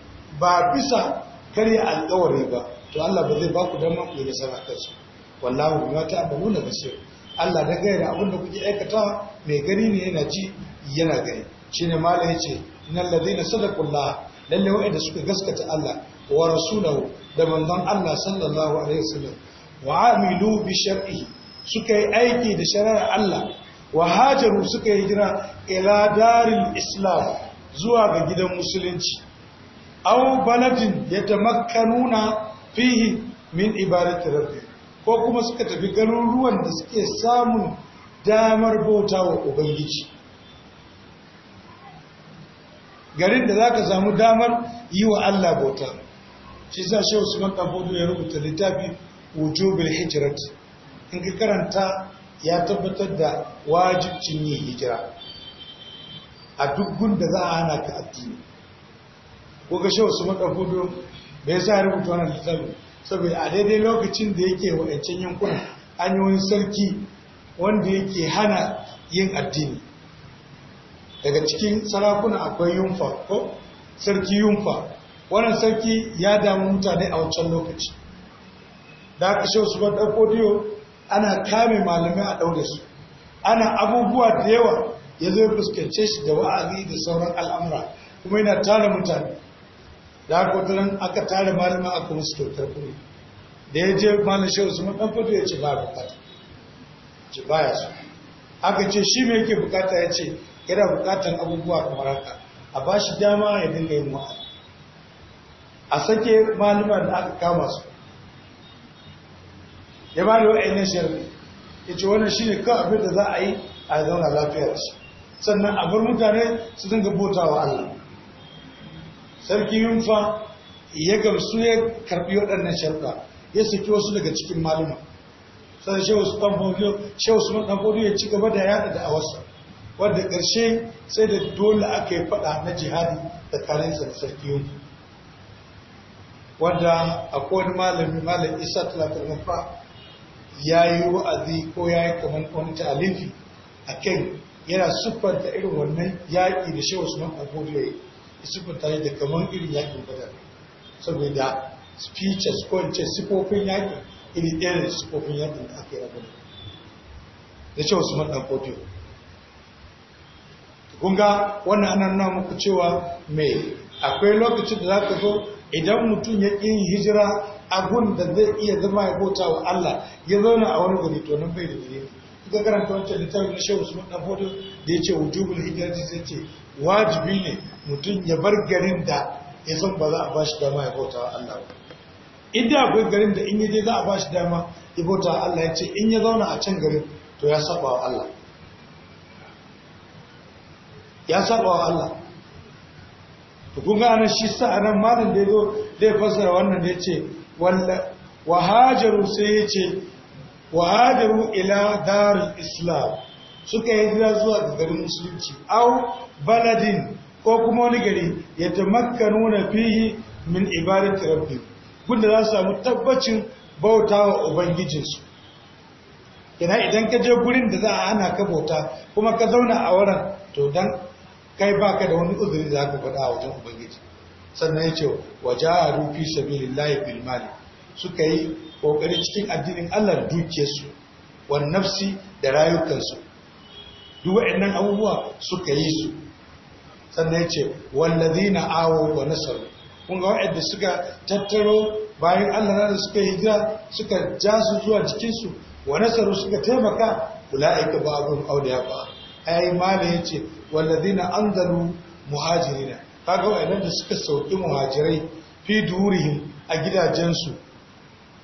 ba bisa karya alkawari ba to Allah ba zai ba ku damar ku yi nasara kansu wallahu bima ta'maluna basir Allah da da abin da kuke aikata mai gani ne yana ji yana gani shine malai yace innal ladina sadaqullah lalle wa'anda suka gaskata Allah wa rasulahu da manzon Allah sallallahu alaihi wasallam wa amilu bi shar'i suka yi aiki da shari'ar Allah wa hajaru suka yi hijira ila daril islam zuwa ga gidan musulunci aw baladin yatamakkanuna fihi min ibadati rabbih ko kuma suka tafi garuruwan da suke samun damar bauta wa ubangiji garin da za ka samu damar yi wa Allah bauta shi za shi usman kafoto ya rubuta littafi wujubul hijirat in ka karanta ya tabbatar da wajibcin yin hijira a duk gunda za a hana ka addini ko ga shi usman kafoto me yasa ya rubuta wannan littafin saboda a daidai lokacin da yake waɗancan yankuna an yi wani sarki wanda yake hana yin addini daga cikin sarakuna akwai yunfa ko sarki yunfa wannan sarki ya damu mutane a wancan lokaci da aka shi wasu ɗan kodiyo ana kame malamai a ɗaure su ana abubuwa da yawa ya zo fuskance shi da wa'azi da sauran al'amura kuma yana tara mutane da aka wata aka tare malama aka musu da ya je malam shehu su ɗan fadu ya ce ba bukata ce baya su aka ce shi mai yake bukata ya ce yana bukatan abubuwa a maraka a ba shi dama ya dinga yin wa'a a sake malaman da aka kama su ya ba da wa'in sharri ya ce wannan shi ne kan abin da za a yi a zauna lafiyar shi sannan a bar mutane su dinga bota wa Allah sarki yunfa ya gamsu ya karbi waɗannan sharka ya saki wasu daga cikin malama sai shehu usman fodiyo shehu ya ci gaba da yada da awasa wadda ƙarshe sai da dole aka yi faɗa na jihadi tsakanin sa da sarki yunfa wadda akwai wani malami malam isa talatin mufa ya yi wa'azi ko ya yi kamar wani talifi a kai yana da irin wannan yaƙi da shehu usman dan ya yi siffanta ne da kamar irin yakin badar saboda speeches ko in ce sifofin yakin iri ɗaya da sifofin yakin da aka yi rabu da ce usman dan kodiyo kunga wannan ana nuna muku cewa mai akwai lokacin da za ka zo idan mutum ya ƙi hijira abun da zai iya zama ya bauta wa Allah ya zauna a wani gari to nan bai da gari ga karanta wancan littafin na Shehu Usman dan Fodo da yace wujubul hijrati sai ce wajibi ne mutum ya bar garin da ya san ba za a ba shi dama ya bauta wa Allah ba inda akwai garin da in yaje za a ba shi dama ya bauta wa Allah ya ce in ya zauna a can garin to ya saba wa Allah ya saba wa Allah to kun ga anan shi sa anan malam da yazo zai fassara wannan da yace walla wahajaru sai ya yace wahajaru ila darul islam suka yi zuwa zuwa ga garin musulunci au baladin ko kuma wani gari ya tamakkanu nuna fihi min ibarin tarafi gunda za su samu tabbacin bauta wa ubangijinsu Yana idan ka je gurin da za a ana ka bauta kuma ka zauna a wurin to don kai baka da wani uzuri za ka faɗa a wajen ubangiji sannan ya ce wa a rufi sabilillahi layi mali suka yi kokari cikin addinin Allah dukiyarsu wan nafsi da rayukansu duk nan abubuwa suka yi su sannan ya ce na awo wa nasaru kun ga waɗanda suka tattaro bayan Allah da suka yi hijira suka ja su zuwa jikinsu wa nasaru suka taimaka aika ba abun ya ba ai mala yace wallazina na muhajirina kaga waɗannan da suka sauki muhajirai fi durihin a gidajensu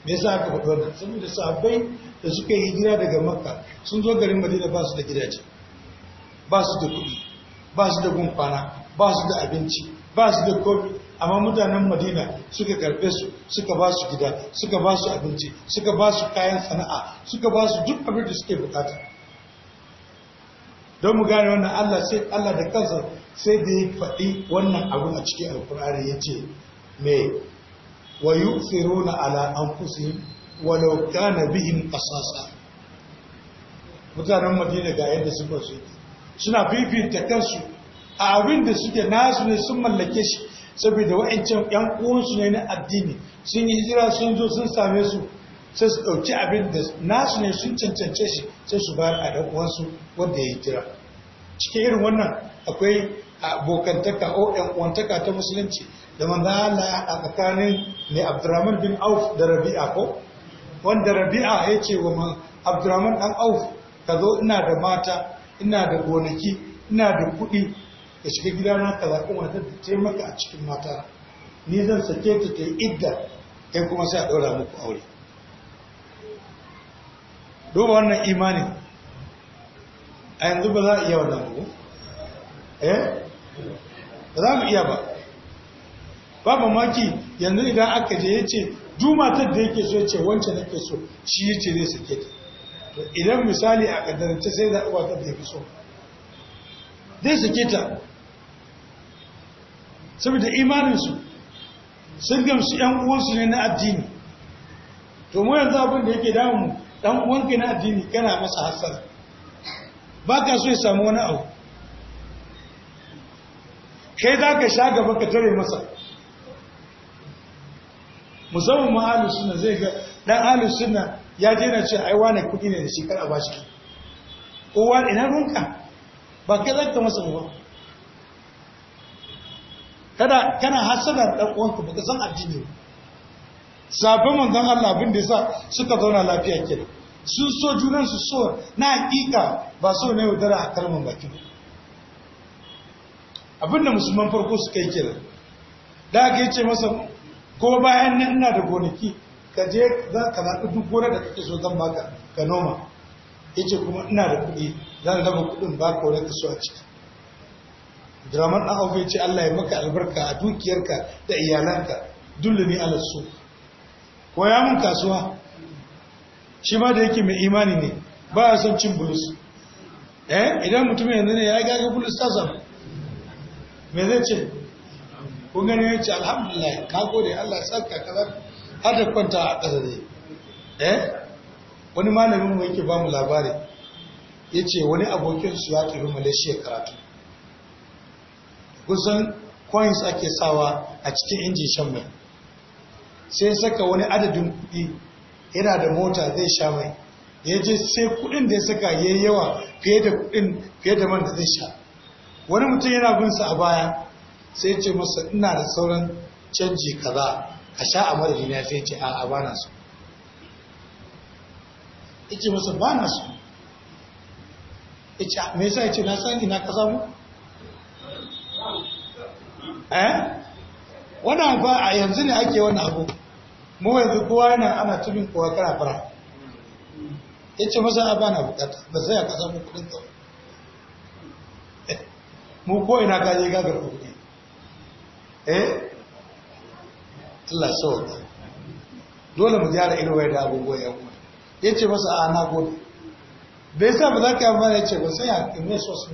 me yasa aka faɗi wannan saboda sabbai da suka yi hijira daga makka sun zo garin madina ba su da gidaje ba su da kuɗi ba su da gun ba su da abinci ba su da kofi amma mutanen madina suka karfe su suka ba su gida suka ba su abinci suka ba su kayan sana'a suka ba su duk abin da suke bukata don mu gane wannan allah sai allah da kansa sai da ya faɗi wannan abin a cikin alkur'ani ya ce me wa na ala anfusihim walau kana bihin ƙasasa. mutanen madina ga yadda su ba su yi suna fifita kansu a abin da suke nasu ne sun mallake shi saboda wa'ancan yan uwansu ne na addini sun yi hijira sun zo sun same su sai su ɗauki abin da nasu ne sun cancance shi sai su bayar a ɗan uwansu wanda ya jira cikin irin wannan akwai abokantaka o yan uwantaka ta musulunci da manzala a tsakanin mai abdurrahman bin auf da rabi'a ko wanda rabi'a ya ce wa abdurrahman ɗan auf ka zo ina da mata ina da gonaki ina da kuɗi ka shiga gidana ka zaɓi matar da ta maka a cikin mata ni zan sake ta ta yi idda kai kuma sai a ɗaura muku aure duba wannan imanin a yanzu ba za a iya wannan ba. eh ba za mu iya ba ba mamaki yanzu idan aka je ya ce jumatar da yake so ya ce wancan nake so shi ya zai sake ta idan misali a kaddarance sai da uwa ta fi so su ke ta saboda imaninsu sun gamsu ‘yan uwansu ne na addini to mu yanzu abin da yake damu ɗan uwanka na addini kana masa hasar ba ka so ya samu wani abu kai za ka sha gaba ka tare masa musamman ma alusunan zai ga ɗan alusunan ya na ce aiwa ne kudi ne da shi kada a ba shi kowa ina runka ba kai zaka masa ba kada kana hasadar dan uwanka baka san addini ba sabon manzon Allah abin da sa suka zauna lafiya ke sun so junan su so na hakika ba so ne yaudara a kalman baki ba abinda musulman farko suka yi kira da aka yi ce masa ko bayan nan ina da gonaki ka je za ka zaɓi duk gonar da kake so zan baka ka noma Ya ce kuma ina da kuɗi a raba kuɗin ba ka wani a ciki Draman ɗan abu ce Allah ya maka albarka a dukiyarka da iyalanka dullu ne ala su ko ya mun kasuwa shi ma da yake mai imani ne ba a son cin bulus eh idan mutum yanzu ne ya gaga bulus ta zama me zai ce kun ya ce alhamdulillah ka gode Allah ya saka kaza har da kwanta a ƙasa zai eh wani malamin mu yake ba mu labari ya ce wani abokin su ya tafi malaysia karatu kusan coins ake sawa a cikin injin shan mai sai saka wani adadin kuɗi yana da mota zai sha mai ya je sai kuɗin da ya saka ya yawa fiye da kuɗin fiye da man da zai sha wani mutum yana bin sa a baya sai ce masa ina da sauran canji kaza a sha a madadina sai ce a abana su so musu masa ba na so ice me na sani na ka mu eh wannan ba a yanzu ne ake wannan abu mu yanzu kowa yana ana tubin kowa kara fara yace masa a bana bukata ba zai a kasa mu kudin ka (laughs) mu ko ina ka gagar kudi eh Allah sauki dole mu gyara irin wai da abubuwa ya kuma ya ce masa a na gobe bai sa ba za ka yi amfani ya ce ba sai ya kimiyya so su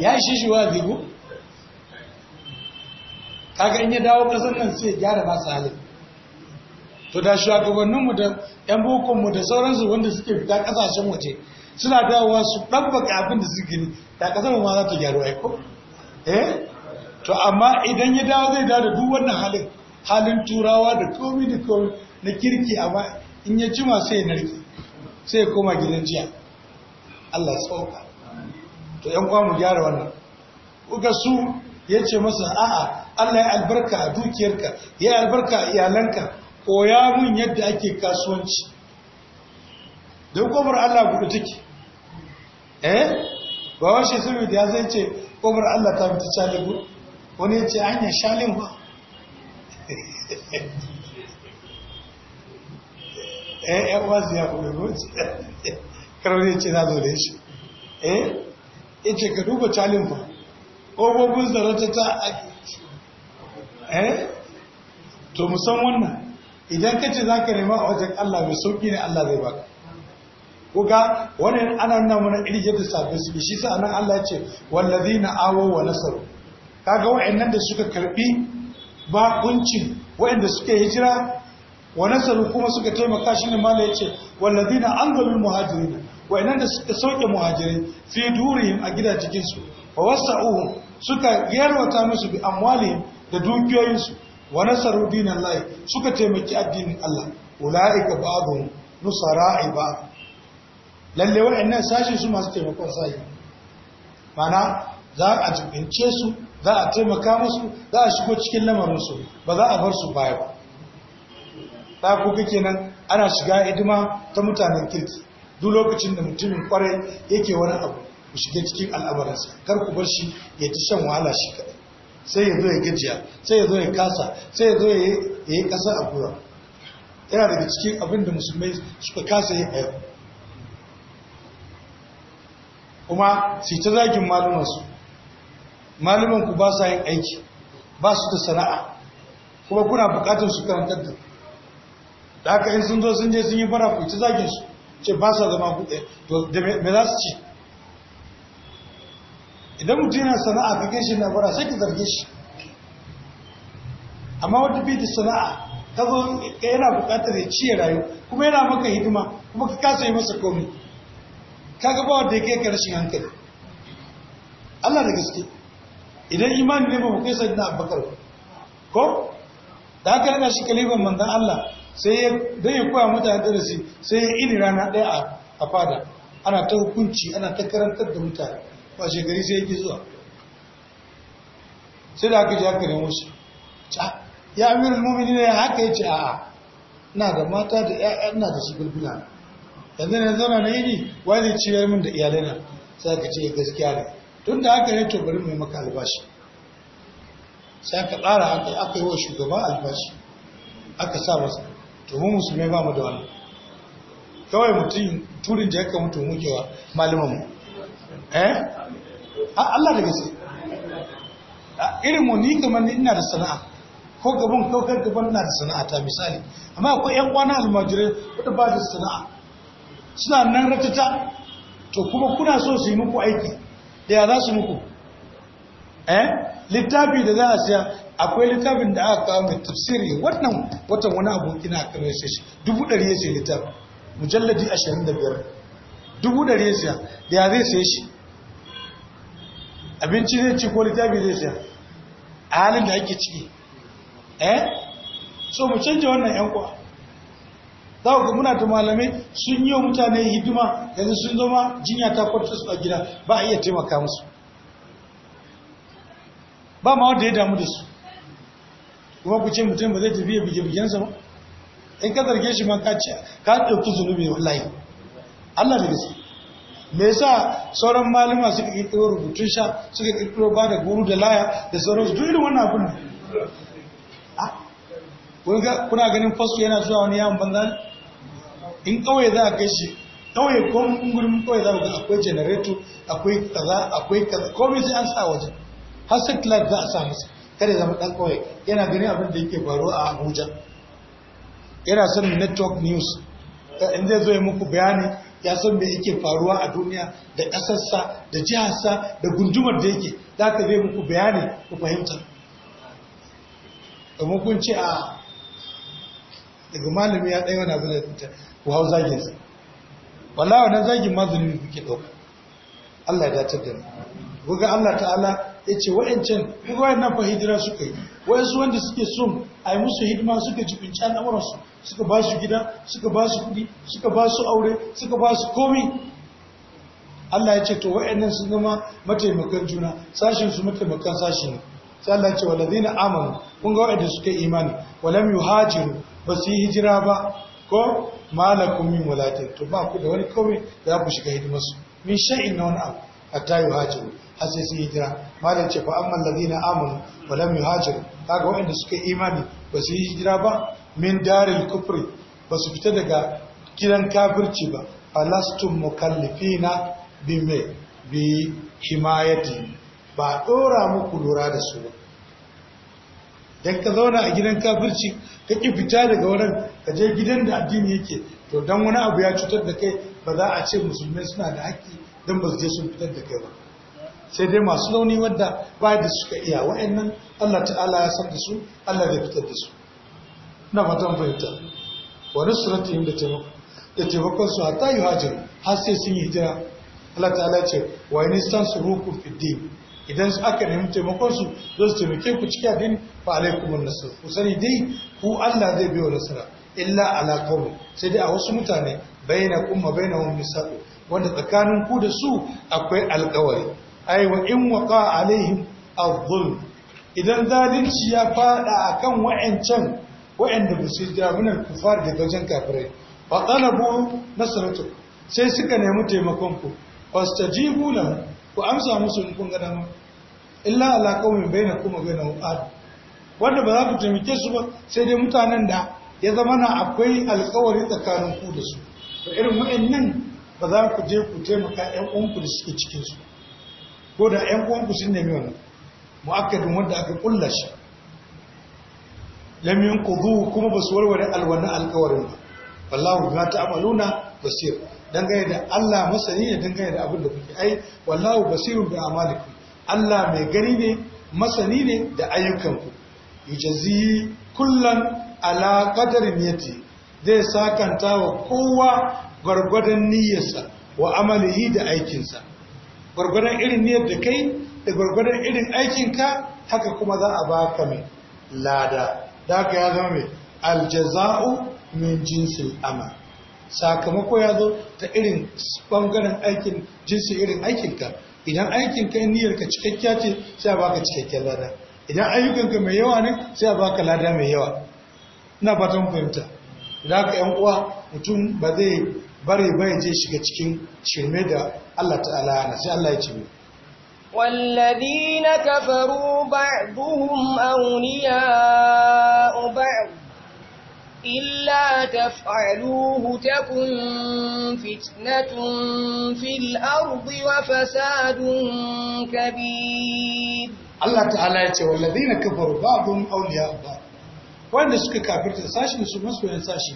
ya shi shi wa zigo kaga in ya dawo kasar nan sai gyara masu halin to da shugabanninmu da 'yan bukunmu da sauransu wanda suke fita kasashen waje suna dawowa su ɗabbaka abin da su gini da ƙasar ma za ta gyaru aiko eh to amma idan ya dawo zai dawo da duk wannan halin halin turawa da komi da komi na kirki amma in ya jima sai ya narki sai ya koma gidan jiya Allah tsoka to yan kwa gyara wannan kuka su ya ce masa a'a Allah ya albarka a dukiyarka ya albarka a iyalanka koya mun yadda ake kasuwanci don kwamar Allah gudu take eh ba wa shi sun ya zai ce kobar Allah ta mutu shalibu wani ya ce hanyar ba (laughs) eh yan wasu ya kuma roci (laughs) karar ya ce na zo shi eh ya ce ka duba ba ƙofofin zarata ta eh to musamman wannan idan ka ce za ka nema a wajen Allah mai sauƙi ne Allah zai baka kuga wani ana nuna mana irjatu sabbin su shi sa nan Allah ya ce wallazina awo wa nasaru kaga wa'annan da suka karbi kunci wa'anda suka hijira wa nasaru kuma suka taimaka shi ne mala ya ce wallazina anzalul muhajirin wa'annan da suka sauke muhajirin fi durihim a gida cikin su fa wasa'uhum suka yarwata musu bi amwali da dukiyoyinsu wa nasaru dinallahi suka taimaki addinin Allah ulaika ba'dhum nusara'i ba lalle wa'annan sashi su masu taimakon yi mana za a jibince su za a taimaka musu za a shigo cikin lamarinsu ba za a bar su baya ba ta kuka kenan ana shiga hidima ta mutanen kirki duk lokacin da mutumin kwarai yake wani abu ku shiga cikin al'amuransa, kar ku bar shi ya ci shan wahala shi kaɗai sai ya zo ya gajiya sai ya zo ya kasa sai ya zo ya yi ƙasa a gura yana daga cikin abin da musulmai suka kasa yi a kuma su ta zagin malumansu malumanku ba sa yin aiki ba su da sana'a kuma kuna bukatar su karantar da da aka yin sun zo sun je sun yi fara ku ta zagin su ce ba sa zama kuɗe to da me za su ci idan mutum yana sana'a ka shi na fara sai ka zarge shi amma wata bi da sana'a ka zo yana bukatar ya ciye rayu kuma yana maka hidima kuma ka kasa yi masa komai kaga ba wanda yake rashin hankali Allah da gaske idan imani ne ba mu kai na abakar ko da ka ana shi kalifan manzon Allah sai ya dan ya koya mutane darasi sai ya ini rana daya a fada ana ta hukunci ana ta karantar da mutane ba shekari sai yake zuwa sai da aka ji aka nemo shi ya amirul mu'minin ne haka yace a'a ina da mata da ƴaƴa ina da shi gulgula yanzu na zama na yini wani zai ciyar min da iyalai na sai ka ce gaskiya ne tun da aka yi to bari mai maka albashi sai ka tsara haka aka yi wa shugaba albashi aka sa masa to mu musulmai ba mu da wani kawai mutum turin da ya kama to muke wa malamanmu eh Allah da gaske irin mu ni kamar ni ina da sana'a ko gaban ko gaban na da sana'a ta misali amma akwai yan kwana almajirai wanda ba da sana'a suna nan ratata to kuma kuna so su yi muku aiki da ya za su muku eh littafi da za a siya akwai littafin da aka kawo mai tafsiri wannan watan wani abu ina kare shi dubu ɗari ya sai littafi mujalladi ashirin da biyar dubu ɗari ya siya da ya zai sai shi abinci zai ci ko littafi zai siya a halin da ake ciki eh so mu canja wannan yan kwa za ku muna ta malamai sun yi wa mutane hidima yanzu sun zama jinya ta kwarta su a gida ba a iya taimaka musu ba ma wanda ya damu da su kuma ku ce mutum ba zai tafi ya bige bigensa ba in ka zarge shi ma ka ce ka ɗauki zunubi wallahi Allah da gaske me yasa sauran malama suka kirkiro rubutun sha suka kirkiro ba da guru da laya da sauran su duk wannan ne ah, kuna ganin fasu yana zuwa wani yawon banza in kawai za a kai shi ko gurin kawai za a ga akwai janareto akwai kaza akwai kaza komai sai an sa waje har satellite za a sa masa kada zama ɗan kawai yana ganin abin da yake faruwa a abuja yana son network news in zai zo ya muku bayani ya san me yake faruwa a duniya da ƙasarsa da jiharsa da gundumar da yake za ka zai muku bayani ku fahimta domin kun ce a ah, daga malami ya ɗaya wani abu da ta ku hau zagin sa wallahi wannan zagin ma zunubi kuke ɗauka Allah ya dace da ni. ga Allah ta'ala ya ce wa'ancan kuka wayannan fa hijira suka yi su wanda suke son a yi musu hidima suka jibinci al'amuransu suka ba su gida suka ba su kuɗi suka ba su aure suka ba su komi Allah ya ce to nan sun zama mataimakan juna sashen su mataimakan sashen ne sai Allah ya ce walazina amanu kun ga da suka imani walam yuhajiru ba su yi hijira ba ko malakun min wadatai to ba ku da wani kawai za ku shiga hidimarsu min sha'in na wani abu hatta hajjiru har sai yi hijira malam ce fa amman ladina amanu wa hajjiru ta ga waɗanda suka yi imani ba su yi hijira ba min daril kufri ba su fita daga gidan kafirci ba falastum mukallifina bi mai bi himayati ba ɗora muku lura da su ba dan ka zauna a gidan kafirci ka ki fita daga wurin ka je gidan da addini yake to dan wani abu ya cutar da kai ba za a ce musulmai suna da haƙƙi don ba su je sun fitar da kai ba sai dai masu launi wadda ba da suka iya wa'annan Allah ta'ala ya san da su Allah zai fitar da su na fatan fahimta wani nusratihim yin da taimakon su hatta yuhajiru har sai sun yi hijira Allah ta'ala ce wa nisan su fid din idan su aka nemi taimakon su zo su taimake ku cikin abin fa alaikumun nasr ku sani dai ku Allah zai biyo nasara illa ala qawm sai dai a wasu mutane kuma wa wannan misaqu wanda tsakanin ku da su akwai alƙawari ai wa in waqa alaihim adh-dhulm idan zalunci ya fada akan wa'ancan wa'anda ba su da munan kufar da gajen kafirai fa talabu nasratu sai suka nemi taimakon ku fastajibu lahu ku amsa musu in kun ga illa ala na kuma bai na ad wanda ba za ku taimake su ba sai dai mutanen da ya zama na akwai alkawari tsakanin ku da su to irin wayannan ba za ku je ku taimaka ƴan uwanku da suke cikin su ko da ƴan uwanku sun nemi wannan mu'akkadin wanda aka kulla shi lam yanqudu kuma ba su warware alwana alƙawarin ba wallahu bima ta'maluna basir dangane da Allah masani ne dangane da abin da kuke ai wallahu basirun bi amalikum Allah mai gari ne masani ne da ayyukanku yujazi kullan ala qadarin miyati zai sakanta wa kowa gwargwadon niyyarsa wa amalihi da aikinsa gwargwadon irin niyyar da kai da gwargwadon irin aikinka haka kuma za a baka mai lada da aka ya zama mai aljaza'u min jinsin ama sakamako ya zo ta irin bangaren aikin jinsi irin aikinka idan aikin kai niyyar ka cikakkiya ce sai a baka cikakken lada idan ayyukanka mai yawa ne sai a baka lada mai yawa ina fatan fahimta da ka yan uwa mutum ba zai bari ba ya je shiga cikin shirme da Allah ta'ala na sai Allah ya ce walladina كفروا بعضهم أولياء بعض إلا تفعلوه تكن فتنة في الأرض وفساد كبير الله تعالى يتي والذين كفروا بعضهم أولياء بعض wanda suka kafirta sashin su masoyan sashi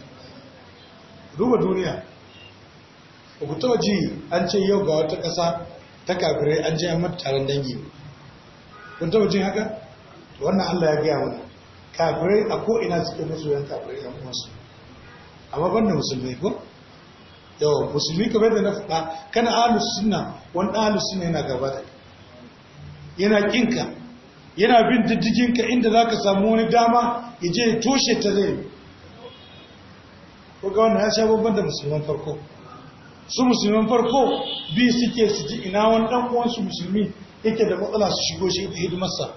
duba duniya ku taba ji an ce yau ga wata ƙasa ta kafirai an je an taron dangi kun taba jin haka wannan Allah ya gaya mana kafirai a ko'ina cikin masoyan kafirai a wasu amma ban da musulmi ko Yau, musulmi kamar da na faɗa kana alus suna wani alus suna yana gaba da yana kinka yana bin diddiginka inda za ka samu wani dama ya je ya toshe ta zai ko ga wanda ya sha babban da musulman farko su musulman farko bi suke su ji ina wani dan uwansu musulmi yake da matsala su shigo shi hidimarsa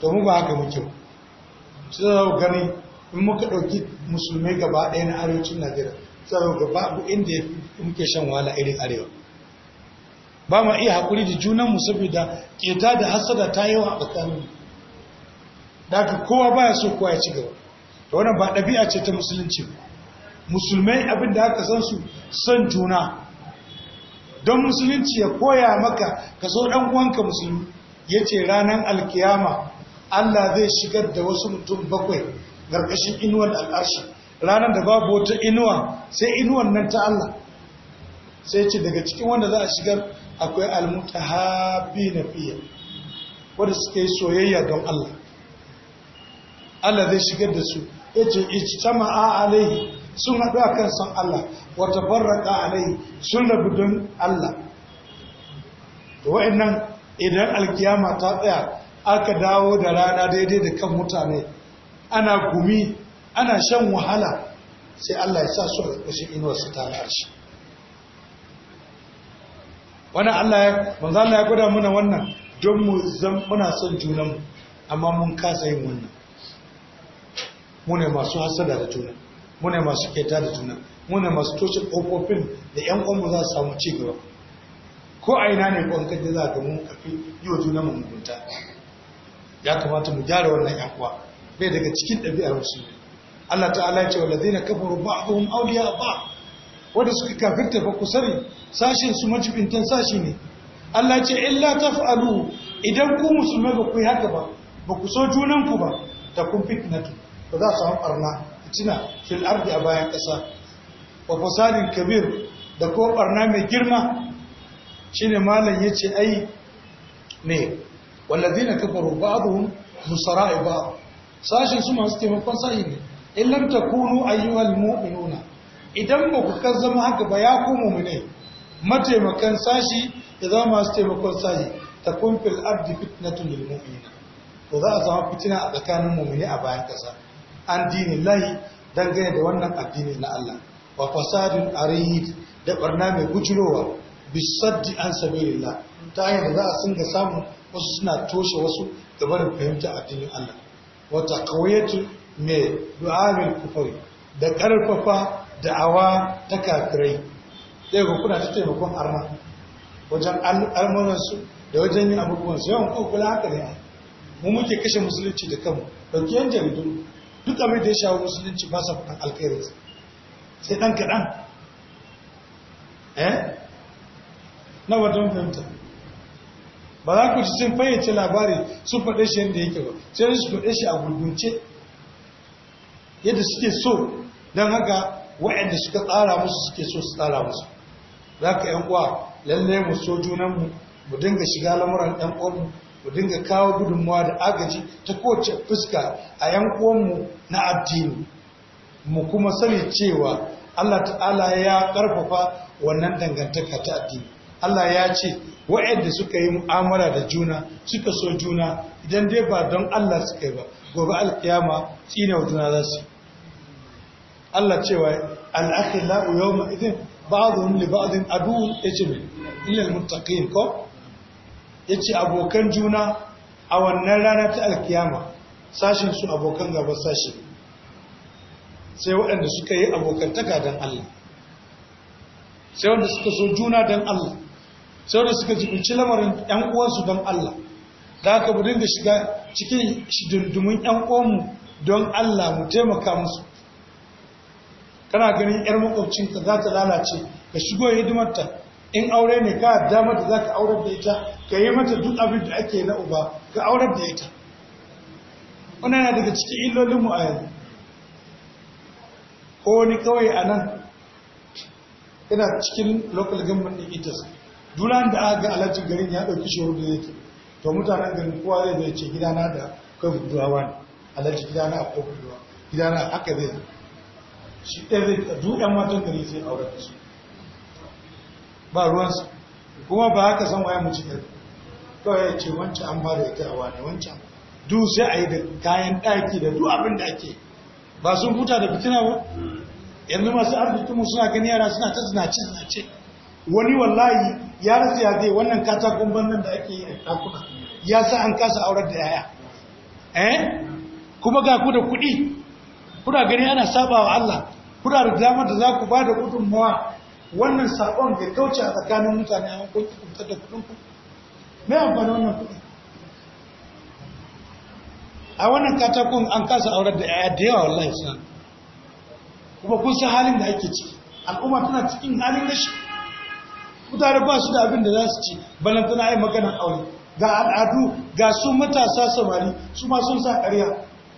to mu ba haka mu kyau. su gani in muka ɗauki musulmi gaba ɗaya na arewacin najeriya za ga babu inda muke shan wahala irin arewa ba ma iya haƙuri da junanmu da ƙeta da hasada ta yawa a tsakanin da aka kowa baya so kowa ya ci gaba da wannan ba ɗabi'a ce ta musulunci musulmai abin da aka san su son juna don musulunci ya koya maka ka so ɗan uwanka musulmi ya ce ranar alkiyama Allah zai shigar da wasu mutum bakwai ƙarƙashin inuwan al'arshi ranar da babu wata inuwa sai inuwan nan ta Allah sai ce daga cikin wanda za a shigar akwai almutahabi na fiye wadda suka yi soyayya don Allah Allah zai shigar da su ya ce a alaihi sun haɗu a kan san Allah wata farraka alaihi sun rabu don Allah to nan, idan alkiyama ta tsaya aka dawo da rana daidai da kan mutane ana gumi ana shan wahala sai Allah ya sa su a ƙarƙashin inuwarsa ta harshe wani Allah ya banza Allah ya gwada mana wannan don mu zan muna son junanmu amma mun kasa yin wannan Mune masu hasada da juna mune masu keta da juna mune masu toshe ƙofofin da ƴan ƙwanmu za su samu ci gaba ko a ina ne ƙwan da za ka mun kafi yi wa junanmu mugunta ya kamata mu gyara wannan yan bai daga cikin ɗabi'ar ne Allah ta'ala ya ce walladheena kafaru ba'dhum auliya ba wadda suka kafirta ba ku sani sashin su majibintan sashi ne Allah ce in ta fa’alu idan ku musulmai ba ku yi haka ba ba ku so junanku ku ba ta kun fitnatu ba za su barna cina fil ardi a bayan ƙasa wa fasadin kabir da ko ɓarna mai girma shine malam ce ai ne wallazina kafaru ba'dhum nusara'i ba'd sashin su masu taimakon sashi ne in lam takunu ayyuhal mu'minuna idan ba ku kan zama haka ba ya ku mu'mine mataimakan sashi ya zama masu taimakon sahi takun fil ardi fitnatun lil mu'minina to za a samu fitina a tsakanin mu'mini a bayan kasa an dinin lahi dangane da wannan addini na Allah wa fasadin arid da barna mai gujurowa bisaddi an sabilillah ta hanyar da za a singa samun wasu suna toshe wasu da barin fahimta addinin Allah wata kawayatu mai du'amil kufari da karfafa awa ta kafirai zai ga kuna ta taimakon arna wajen al'amuransu da wajen yin abubuwansu yawan kokula haka ne mu muke kashe musulunci da kanmu dauki yan jaridu duk abin da ya shawo musulunci ba sa faɗin alkhairinsa sai ɗan kaɗan eh na wajen fahimta ba za ku ci sun fayyace labari sun faɗe shi yadda yake ba sai su faɗe shi a gurgunce yadda suke so don haka wa'anda suka tsara musu suke so su tsara musu za ka yan uwa lalle mu so junanmu mu dinga shiga lamuran ɗan uwanmu mu dinga kawo gudunmuwa da agaji ta kowace fuska a yan uwanmu na addini mu kuma sani cewa Allah ta'ala ya ƙarfafa wannan dangantaka ta addini Allah ya ce wa'adda suka yi mu'amala da juna suka so juna idan dai ba don Allah suka yi ba gobe alkiyama tsine wa juna za su Allah cewa al'akai la'u yau ma idin ba'adun li ba'adun adu'un ya ce ilil ilal mutaƙin ko ya ce abokan juna a wannan rana ta alkiyama sashin su abokan gaba sashi sai waɗanda suka yi abokantaka don Allah sai wanda suka so juna don Allah sauran suka jibinci lamarin ‘yan uwansu don Allah da aka budin da shiga cikin shidundumin ‘yan uwanmu don Allah mu taimaka musu kana ganin ‘yar makwabcinka za ta lalace ka shigo hidimarta in aure ne ka damar da za ka aurar da ita ka yi mata duk abin da ake na uba ka aurar da ita wannan yana daga cikin illolinmu a yanzu ko wani kawai a nan yana cikin local government ita. itas dunan da aka ga alhaji garin ya ɗauki shoro da yake to mutanen garin kowa zai zai ce gidana da kofin duwawa ne alhaji gidana a kofin duwawa gidana haka zai shi ɗaya zai duk ɗan matan gari sai aure da su ba ruwansu kuma ba haka san waye mu cikin kawai ya ce wancan an ba da ita a wani wancan duk sai a yi da kayan ɗaki da duk abin da ake ba sun huta da fitina ba yanzu masu arzikinmu suna gani yara suna ta zinace zinace wani wallahi ya rasu ya zai wannan katakon nan da ake yi a ɗakuna ya sa an kasa aurar da yaya eh kuma ga ku da kuɗi kuna gani ana saba wa Allah kuna da damar da za ku ba da gudunmawa wannan sabon da kauce a tsakanin mutane a kun kuntar da kuɗin ku me amfani wannan kuɗi a wannan katakon an kasa aurar da yaya da yawa wallahi sun kuma kun san halin da ake ciki al'umma tana cikin halin rashi mutane ba su da abin da za su ci tana yi maganar aure ga al'adu ga su matasa samari su ma sun sa ƙarya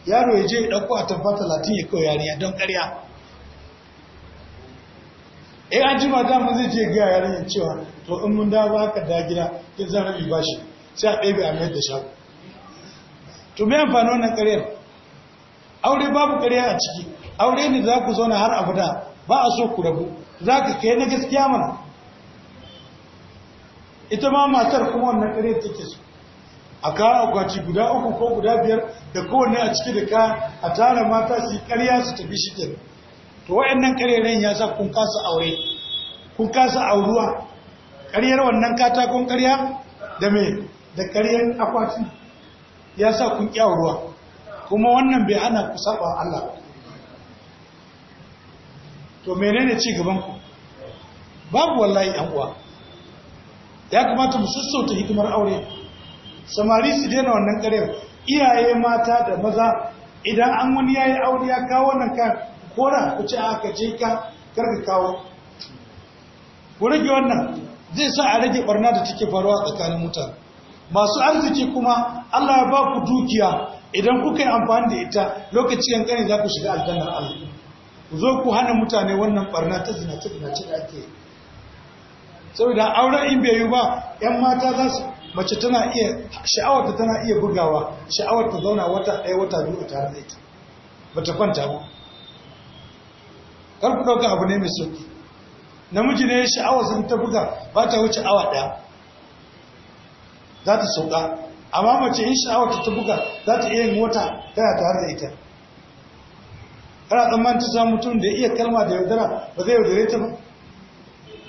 yaro ya je ya ɗauko a tabbata talatin ya kawai yariya don ƙarya eh an jima zai je ga yariya cewa to in mun dawo haka da gida ya zan rabi bashi sai a ɗebe a mayar da shago to mai amfani wannan ƙaryar aure babu karya a ciki aure ne za ku zauna har da ba a so ku rabu za ka kai na gaskiya mana ita ma matar kuma wannan ƙarya take so a kawo akwati guda uku ko guda biyar da kowane a ciki da ka a tara mata su yi ƙarya su tafi shi ke to wa'annan ƙareren ya sa kun kasa aure kun kasa auruwa ƙaryar wannan katakon karya da me da ƙaryar akwati ya sa kun ƙi auruwa kuma wannan bai ana ku saba Allah to menene ci gaban ku babu wallahi yan uwa ya kamata mu sassauta hikimar aure samari su daina wannan karyar iyaye mata da maza idan an wani ya yi aure ya kawo wannan kan kora ku ce aka je ka karka kawo ku rage wannan zai sa a rage barna da take faruwa tsakanin mutane masu arziki kuma Allah ya ba ku dukiya idan kuka yi amfani da ita lokaci yankari za ku shiga aljannar Allah ku zo ku hana mutane wannan barna ta zina ta da ake yi saboda auren in bai yi ba yan mata za su mace tana iya sha'awarta tana iya bugawa sha'awarta zauna wata ɗaya wata biyu a tare da ita bata kwanta ba kar ku ɗauka abu ne mai sauki namiji ne sha'awar sun ta buga ba ta wuce awa ɗaya za ta sauka amma mace in sha'awarta ta buga za ta iya yin wata tana tare da ita kana tsammanin ta mutum da iya kalma da yaudara ba zai yaudare ta ba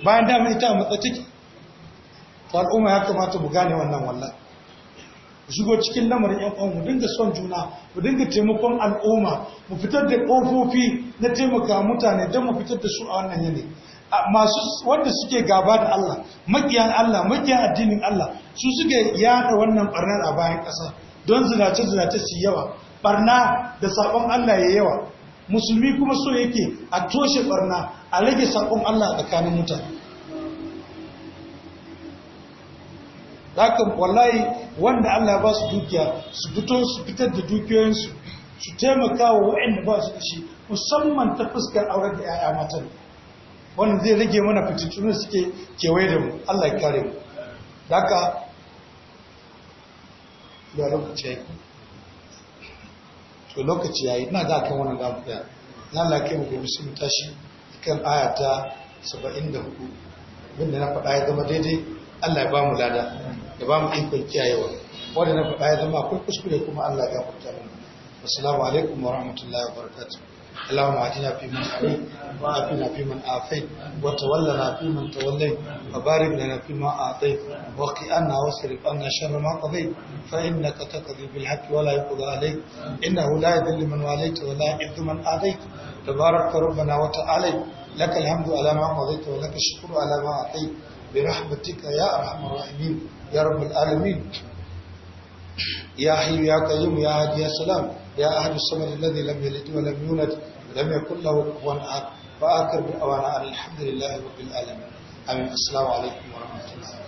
bayan dama ita a matsa take al'umma ya kamata mu gane wannan wallahi shigo cikin lamarin yan uwan mu dinga son juna mu dinga taimakon al'umma mu fitar da kofofi na taimaka mutane don mu fitar da su a wannan yanayi masu wanda suke gaba da Allah makiyan Allah makiyan addinin Allah su suke yada wannan barnar a bayan ƙasa don zinace zinace su yawa barna da sabon Allah ya yawa musulmi kuma so yake a toshe barna a rage sakon Allah a tsakanin mutane Lakin kwallaye wanda Allah ba su dukiya su fito su fitar da dukiyoyinsu su taimaka wa waɗanda ba su da musamman ta fuskar auren da 'ya'ya matan wannan zai rage mana fitattunan suke kewaye da mu Allah ya kare mu da haka lokaci ya to lokaci yayi ina da kan wannan zamu na lafiya kai mu gobe sun tashi kan aya ta 74 abinda na faɗa ya zama daidai Allah ya ba mu lada ya ba mu ikon kiyayewa wadda na faɗa ya zama akwai kuskure kuma Allah ya gafarta mana assalamu alaikum wa rahmatullahi wa barakatuh اللهم من فيمن وعافنا في فيمن عافيت وتولنا فيمن توليت وبارك لنا فيما أعطيت وقئنا واصرف عنا شر ما قضيت فإنك تقضي بالحق ولا يقضى عليك إنه لا يذل من واليت ولا يعز من اعطيت تبارك ربنا وتعالى لك الحمد على ما قضيت ولك الشكر على ما أعطيت برحمتك يا أرحم الراحمين يا رب العالمين يا حي يا قيوم يا هادي يا سلام يا أهل الصمد الذي لم يلد ولم يولد لم يكن له كفوا أحد فآكر دعوانا الحمد لله رب العالمين آمين السلام عليكم ورحمة الله